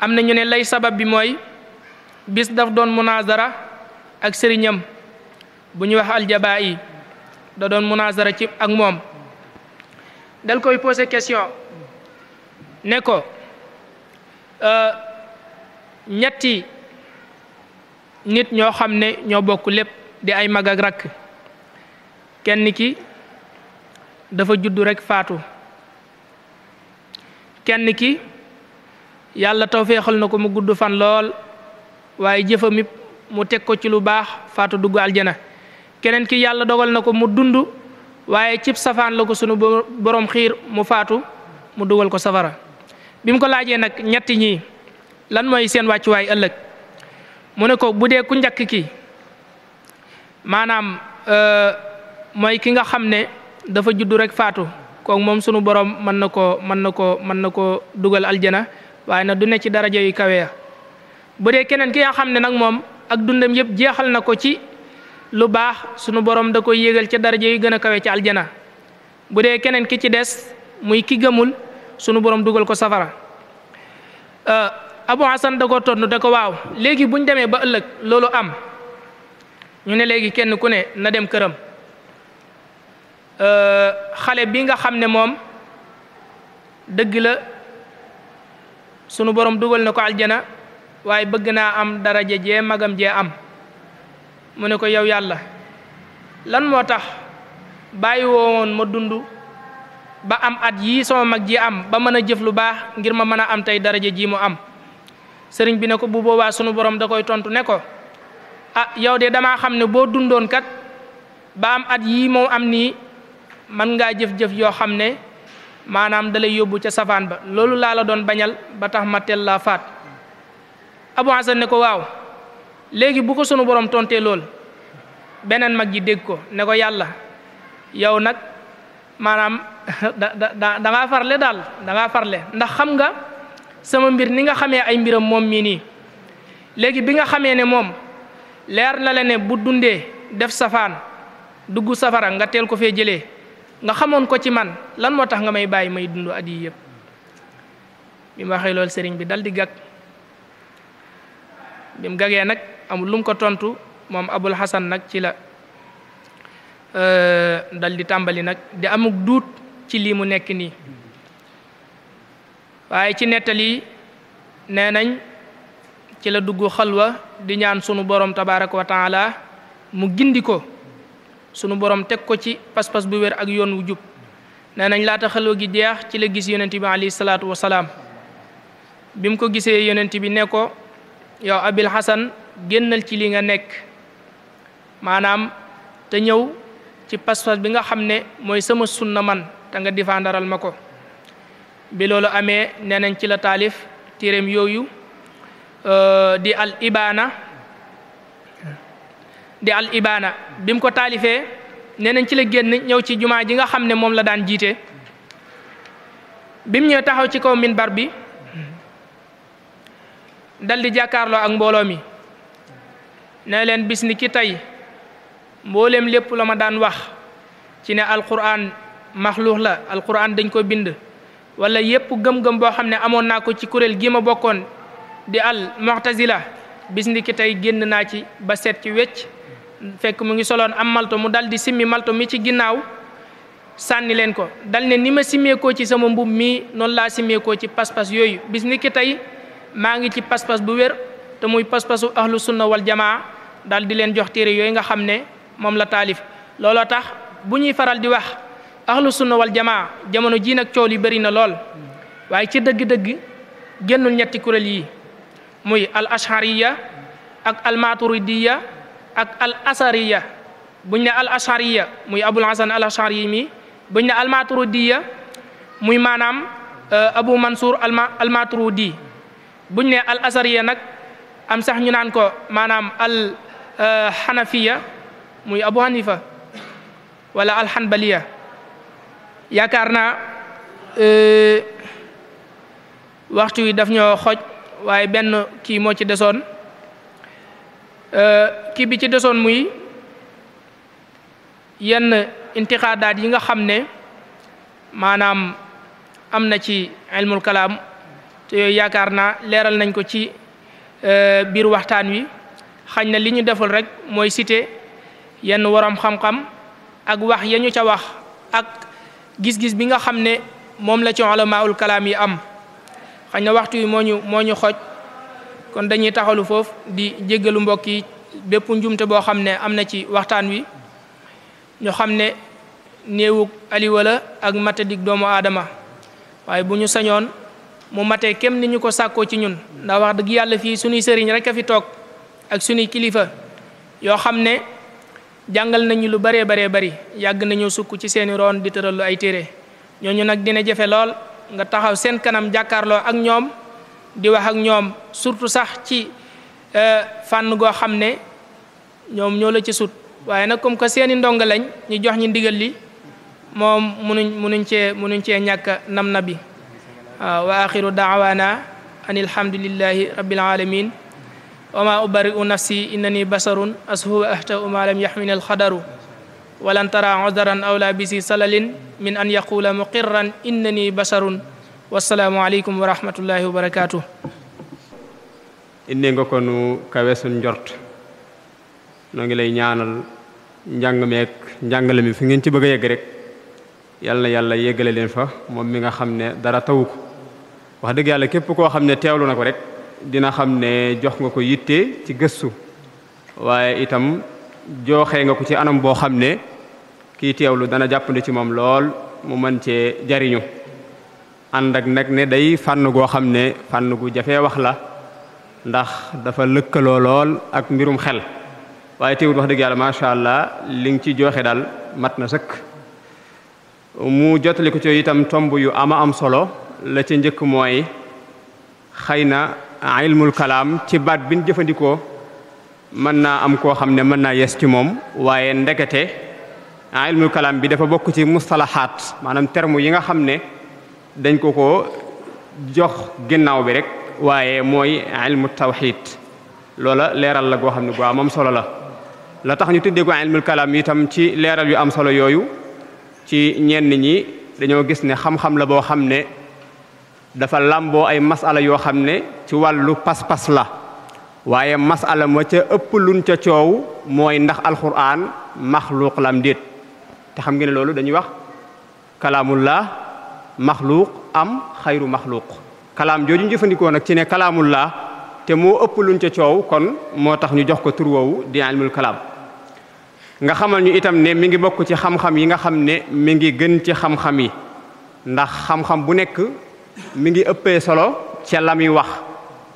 am na ñu ne lay sabab bi mooy bis daf doon munazara ak sëriñam bu ñu wax aljabaa yi da doon munazara ci ak moom dal koy posé question ne ko euh, ñetti nit ñoo xam ne ñoo bokk lépp di ay mag ak rakk kenn ki dafa juddu rekk faatu kenn ki yàlla tawféexal na ko mu gudd fan lool waaye jëfam mu teg ko ci lu baax faatu dugg aljana keneen ki yàlla dogal na ko mu dund waaye cib safaan la ko sunu borom xiir mu faatu mu dugal ko safara bim ko laajee nag ñetti ñii lan mooy seen wàccuwaay ëllëg mu ne ko bu dee ku njëkk ki maanaam euh, mooy ki nga xam ne dafa juddu rek faatu kook moom sunu borom mën na koo mën na koo mën na koo dugal aljana waaye nag du ne ci daraja yu kawe ya bu dee keneen ki nga xam ne nag moom ak dundam yëpp jeexal na ko ci lu baax sunu borom da koy yégal ci daraja yu gën a kawe ci aljana bu dee keneen ki ci des muy ki gëmul sunu borom dugal ko safara. Euh, Abu Hassan da ko tontu da ko waaw léegi bu ñu demee ba ëllëg loolu am ñu ne léegi kenn ku ne na dem këram euh, xale bi nga xam ne moom dëgg la sunu borom dugal na ko aljana waaye bëgg naa am daraja jee magam jee am mu ne ko yow yàlla lan moo tax bàyyi woon ma dund ba am at yi sama mag ji am ba mën a jëf lu baax ngir ma mën a am tey daraja jii mu am sëriñ bi ne ko bu boobaa sunu borom da koy tontu ne ko ah yow de damaa xam ne boo dundoon kat ba am at yii moom am nii man ngaa jëf-jëf yoo xam ne maanaam dalay yóbbu ca safaan ba loolu laa la doon bañal ba tax ma teel laa faat Abu ne ko waaw léegi bu ko sunu borom tontee lool beneen mag ji dégg ko ne ko yàlla yow nag maanaam da da da ngaa farle daal da ngaa farle ndax xam nga. sama mbir ni nga xamee ay mbiram moom mii nii léegi bi nga xamee ne moom leer na la ne bu dundee def safaan dugg safara nga teel ko fee jëlee nga xamoon ko ci man lan moo tax nga may bàyyi may dund at yii yëpp bi ma waxee loolu sëriñ bi dal di gag bi mu gagee nag amul lu ko tontu moom Abul Hasan nag ci la euh, dal di tàmbali nag di amuk duut ci lii mu nekk nii waaye ci nettali nee nañ ci la dugg xalwa di ñaan sunu borom tabaaraka wa taala mu gindi ko sunu borom teg ko ci pas-pas bu wér ak yoon wu jub nee nañ laata xalwa gi jeex ci la gis yonent bi alayhi salaatu wa salaam bi mu ko gisee yonent bi ne ko yow abil xasan génnal ci li nga nekk maanaam te ñëw ci pas-pas bi nga xam ne mooy sama sunna man te nga difandaral ma ko bi loolu amee nee nañ ci la taalif téeréem yooyu euh, di al ibaana di al ibaana bi ko taalifee nee nañ ci la génn ñëw ci jumaa ji nga xam ne moom la daan jiite bi mu taxaw ci kaw bar bi dal di jàkkaarloo ak mbooloo mi ne leen bis ni ki tey mbooleem lépp la ma daan wax ci ne alquran maxluux la alquran dañ ko bind wala yépp gëm-gëm boo xam ne amoon naa ko ci kurél gi ma bokkoon di al mu'tazila bis ni ki tey génn naa ci ba seet ci wecc fekk mu ngi soloon am malto mu dal di simmi malto mi ci ginnaaw sànni leen ko dal ne ni ma simmeekoo ci sama mbub mi noonu laa simmeekoo ci pas-pas yooyu bis ni ki tey maa ngi ci pas-pas bu wér te muy pas-pasu ahlu sunna wal jamaa dal di leen jox téere yooyu nga xam ne moom la taalif looloo tax bu ñuy faral di wax ahlu sunna wal jamaa jamono jii nag coow li bëri na lool waaye ci dëgg-dëgg génnul ñetti kuréel yi muy al ashariya ak al maturidiya ak al asariya buñ ne al ashariya muy abul hasan al ashari mi buñ ne al maturidiya muy maanaam euh, abu mansour al maturidi buñ ne al asariya nag am sax ñu naan ko maanaam al xanafiya euh, muy abu hanifa wala al xanbaliya yaakaar naa euh, waxtu wi daf ñoo xoj waaye benn kii moo ci desoon euh, kii bi ci desoon muy yenn intixaadaat yi nga xam ne maanaam am na ci ilmul kalaam te yooyu yaakaar naa leeral nañ ko ci euh, biir waxtaan wi xañ na li ñu deful rek mooy cité yenn waroom xam-xam ak wax ya ca wax ak gis-gis bi nga xam ne moom la ci ulamaul kalaam yi am xañ na waxtu yi moo ñu moo ñu xoj kon dañuy taxalu foofu di jéggalu mbokk yi bépp njumte boo xam ne am na ci waxtaan wi ñu xam ne néewug aliwala ak ak matadik doomu aadama waaye bu ñu sañoon mu matee kem ni ñu ko sàkkoo ci ñun ndax wax dëgg yàlla fii suñuy sëriñ rek a fi toog ak suñuy kilifa yoo xam ne jàngal nañu lu baree baree bari yàgg nañoo sukk ci seeni roon di tëral ay téere ñooñu nag dina jafe lool nga taxaw seen kanam jàkkaarloo ak ñoom di wax ak ñoom surtout sax ci euh, fànn goo xam ne ñoom ñoo la ci sut waaye nag comme que seeni ndongo lañ ñu jox ñi ndigal li moom munuñ nuñ cee munuñ cee ñàkk nam na bi waaw wa axiru daawaana an ilhamdulillahi rabbil alamin wa maa ubari'u nafsi innani basharun ashubu ahta'u maa lam yaxmini alxadaru walan tara odaran aw labisi min an yaquula muqirran innani basharun wassalaamu aleykum wa rahmatullahi wa barakatuh indi nga ko nu kawe njort noo ngi lay ñaanal njàng meek njàngale mi fi ngeen ci bëgg a yegg rek yal na yàlla yeggale leen fa moom mi nga xam ne dara tawu ko wax dëgg yàlla képp koo xam ne teewlu na ko rek dina xam ne jox nga ko yitte ci gëstu waaye itam joxe nga ko ci anam boo xam ne kii teewlu dana jàppandi ci moom lool mu mën cee jariñu ànd ak nag ne day fànn goo xam ne fànn gu jafee wax la ndax dafa lëkkaloo lool ak mbirum xel waaye teewul wax dëgg yàlla macha allah li nga ci joxe daal mat na sëkk mu jotali ko ci itam tomb yu ama am solo la ca njëkk mooy xëy na ilmul kalaam ci baat bi ñu jëfandikoo mën naa am koo xam ne mën naa yes ci moom waaye ndekete ilmul kalaam bi dafa bokk ci mustalahaat maanaam termu yi nga xam ne dañ ko ko jox ginnaaw bi rek waaye mooy ilmu tawxiit loola leeral la goo xam ne bu am solo la la tax ñu tuddee ko ci leeral yu am solo yooyu ci ñenn ñi dañoo gis ne xam-xam la boo xam ne dafa làmboo ay masala yoo xam ne ci wàllu pas-pas la waaye masala ma ca ëpp luñ ca coow mooy ndax alquran maxluuq lam déet te xam ngeen ne loolu dañuy wax kalaamullah maxluuq am xayru maxluuq kalaam jooju ñu jëfandikoo nag ci ne kalaamullah te moo ëpp luñ ca coow kon moo tax ñu jox ko tur woowu di ilmul kalaam nga xamal ñu itam ne mi ngi bokk ci xam-xam yi nga xam ne mi ngi gën ci xam-xam yi ndax xam-xam bu nekk mi ngi ëppee solo ce la muy wax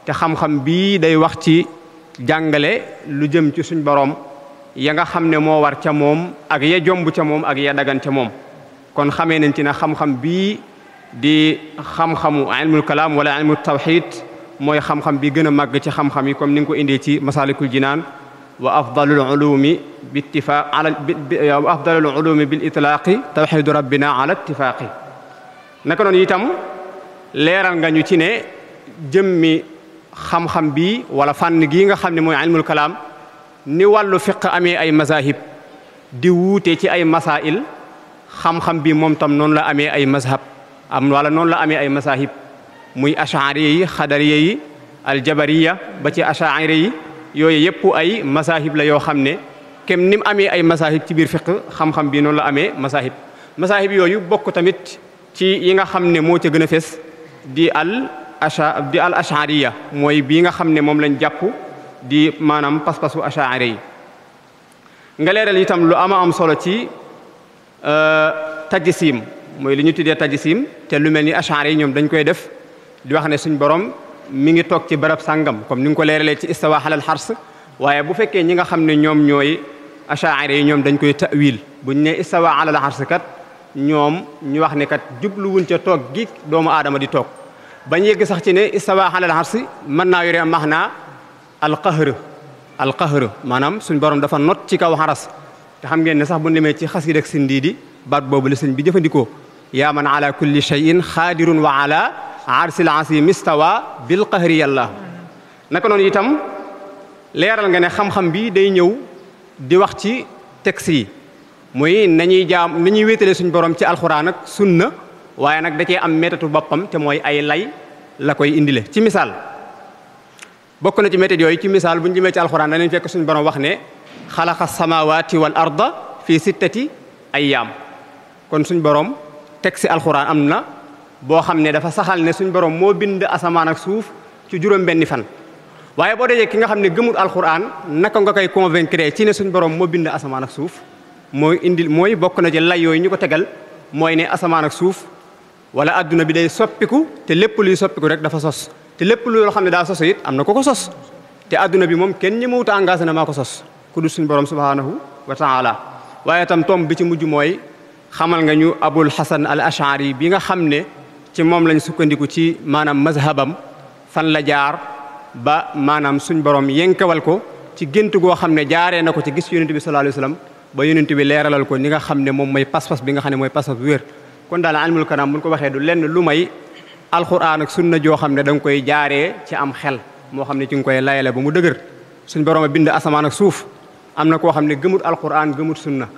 te xam-xam bii day wax ci jàngale lu jëm ci suñ boroom ya nga xam ne moo war ca moom ak ya jomb ca moom ak ya dagan ca moom kon xamee nañ ci ne xam-xam bii di xam-xamu ilmul kalaam wala ilmul mooy xam bi gën a màgg ci xam yi comme ni nga ko indee ci masalikul jinaan wa afdalul ulumi bi ittifaaq ala wa afdalul ulumi bil itlaaqi tawxidu rabbina ala ittifaaqi naka noonu itam leeral nga ñu ci ne jëmmi xam-xam bi wala fànn gii nga xam ne mooy ilmul ni wàllu fiq amee ay mazahib di wuute ci ay masail xam-xam bi moom tam noonu la amee ay mazhab am wala noonu la amee ay mazahib muy ashariya yi xadariya yi aljabariya ba ci ashariya yi yooyu yëpp ay masahib la yoo xam ne kem ni mu amee ay masahib ci biir fiq xam-xam bi noonu la amee masahib masahib yooyu bokk tamit ci yi nga xam ne moo ca gën a fes di al asha di al ashariya mooy bii nga xam ne moom lañ jàpp di maanaam pas-pasu ashaari yi nga leeral itam lu ama am solo ci euh, tajsim mooy li ñu tuddee tajsim te lu mel ni ashaari yi ñoom dañ koy def di wax ne suñ borom mi ngi toog ci barab sàngam comme ni nga ko leeralee ci istawa alal xars waaye bu fekkee ñi nga xam ne ñoom ñooy ashaari yi ñoom dañ koy ta'wil buñ ne istawa alal xars kat ñoom ñu wax ne kat jubluwuñ ca toog gi doomu aadama di toog bañ yegg sax ci ne istawa alal arsi mën naa yore max naa alqahr alqahr maanaam suñ borom dafa not ci kaw xaras te xam ngeen ne sax bu demee ci xasiid ak sindii di baat boobu la sëñ bi jëfandikoo yaa man ala kulli shay'in xaadirun wa ala arsil asim istawa bil qahri yàlla naka noonu itam leeral nga ne xam-xam bi day ñëw di wax ci teg yi muy nañuy jaam nañuy wéetale suñu borom ci alxuraan ak na waaye nag da cee am métatu boppam te mooy ay lay la koy indile ci misaal bokk na ci méthode yooyu ci misaal bu ñu jëmee ci alxuraan danañ fekk suñu borom wax ne xalaqa samawati wal arda fii sittati ayyaam kon suñ borom teg si alxuraan am na boo xam ne dafa saxal ne suñ borom moo bind asamaan ak suuf ci juróom-benni fan waaye boo dajee ki nga xam ne gëmul alxuraan naka nga koy convaincre ci ne suñ borom moo bind asamaan ak suuf mooy indil mooy bokk na ci lay yooyu ñu ko tegal mooy ne asamaan ak suuf wala adduna bi day soppiku te lépp luy soppiku rek dafa sos te lépp lu loo xam ne daa soso it am na ko ko sos te adduna bi moom kenn ñi mawuta engagé na maa ko sos ku du suñu borom subhanahu wa taala waaye itam bi ci mujj mooy xamal nga ñu abul hasan al ashari bi nga xam ne ci moom lañ sukkandiku ci maanaam mazhabam fan la jaar ba maanaam suñ borom yenkawal ko ci gént goo xam ne jaaree na ko ci gis yonent bi sallallahu alayhi wasallam ba yonent bi leeralal ko ni nga xam ne moom mooy pas-pas bi nga xam ne mooy pas-pas bu wér kon daal almul kalaam buñ ko waxee du lenn lu may alxuraan ak sunna joo xam ne da nga koy jaaree ci am xel moo xam ne ci nga koy layale ba mu dëgër suñ borom a bind asamaan ak suuf am na koo xam ne gëmut alxuraan gëmut sunna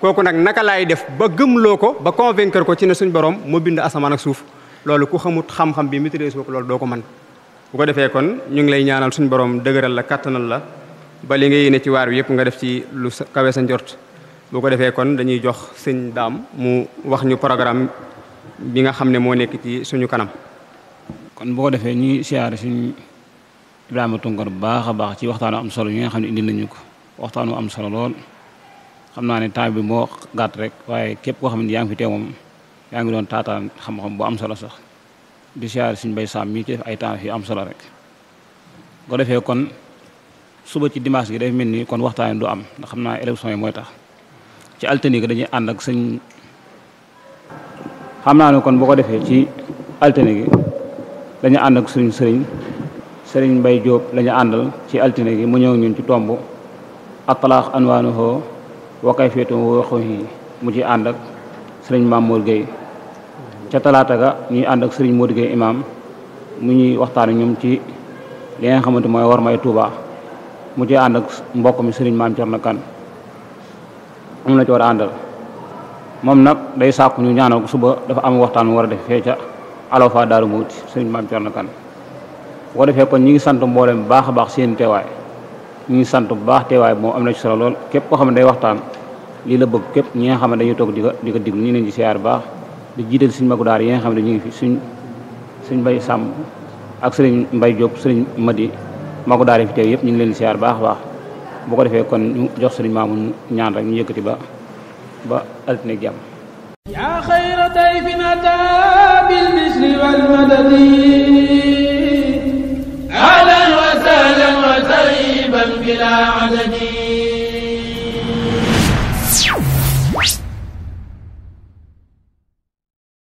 kooku nag naka laay def ba gëmuloo ko ba convaincre ko ci ne suñ borom mu bind asamaan ak suuf loolu ku xamut xam-xam bi maîtrise ko loolu doo ko mën bu ko defee kon ñu ngi lay ñaanal suñ borom dëgëral la kattanal la ba li nga ne ci waar wi yëpp nga def ci lu kawe sa njort boo ko defee kon dañuy jox sëñ daam mu wax ñu programme bi nga xam ne moo nekk ci suñu kanam. kon boo ko defee ñuy siyaare suñu Ibrahima Tunkar bu baax a baax ci waxtaanu am solo yi nga xam ne indi nañu ko waxtaanu am solo lool xam naa ne temps bi moo gàtt rek waaye képp koo xam ne yaa ngi fi moom yaa ngi doon taataan xam-xam bu am solo sax di siyaare suñu bay saam mii ci def ay temps yu am solo rek boo defee kon. suba ci dimanche yi day mel ni kon waxtaan du am ndax xam naa élection yi mooy tax ci altine gi dañuy ànd ak sëñ xam naa ne kon bu ko defee ci altine gi dañu ànd ak suñu sëriñ sëriñ Mbay Jóob lañu àndal ci altine gi mu ñëw ñun ci tomb atalaax anwaanuhu wa kayfiyatuhu waxuhi mu ci ànd ak sëriñ Mamour Gueye ca talaata ga ñuy ànd ak sëriñ Modou Gueye imam mu ñuy waxtaan ñoom ci li xamante mooy war may Touba mu ci ànd ak mbokk mi sëriñ maam Cerno Kan am na ci war a àndal moom nag day sàkku ñu ñaanal ko suba dafa am waxtaan war a def fee ca Alwafa Daaru Muuti sëriñ maam Cerno Kan boo defee kon ñi ngi sant mboolem bu baax a baax seen teewaay ñi ngi sant bu baax teewaay moom am na ci solo lool képp koo xam ne day waxtaan lii la bëgg képp ñi nga xam ne dañuy toog di ko di ko diglu ñu leen ci baax di jiital suñ magu daar yi xam ne ñu ngi fi suñ suñ mbay sàmm ak sëriñ magu daara fi teew yëpp ñu ngi leen siyaar baax baax bu ko defee kon ñu jox sëriñ Maamun ñaan rek ñu yëkkati ba ba altine ak jàmm yaa xayra tayfin ataa bil misli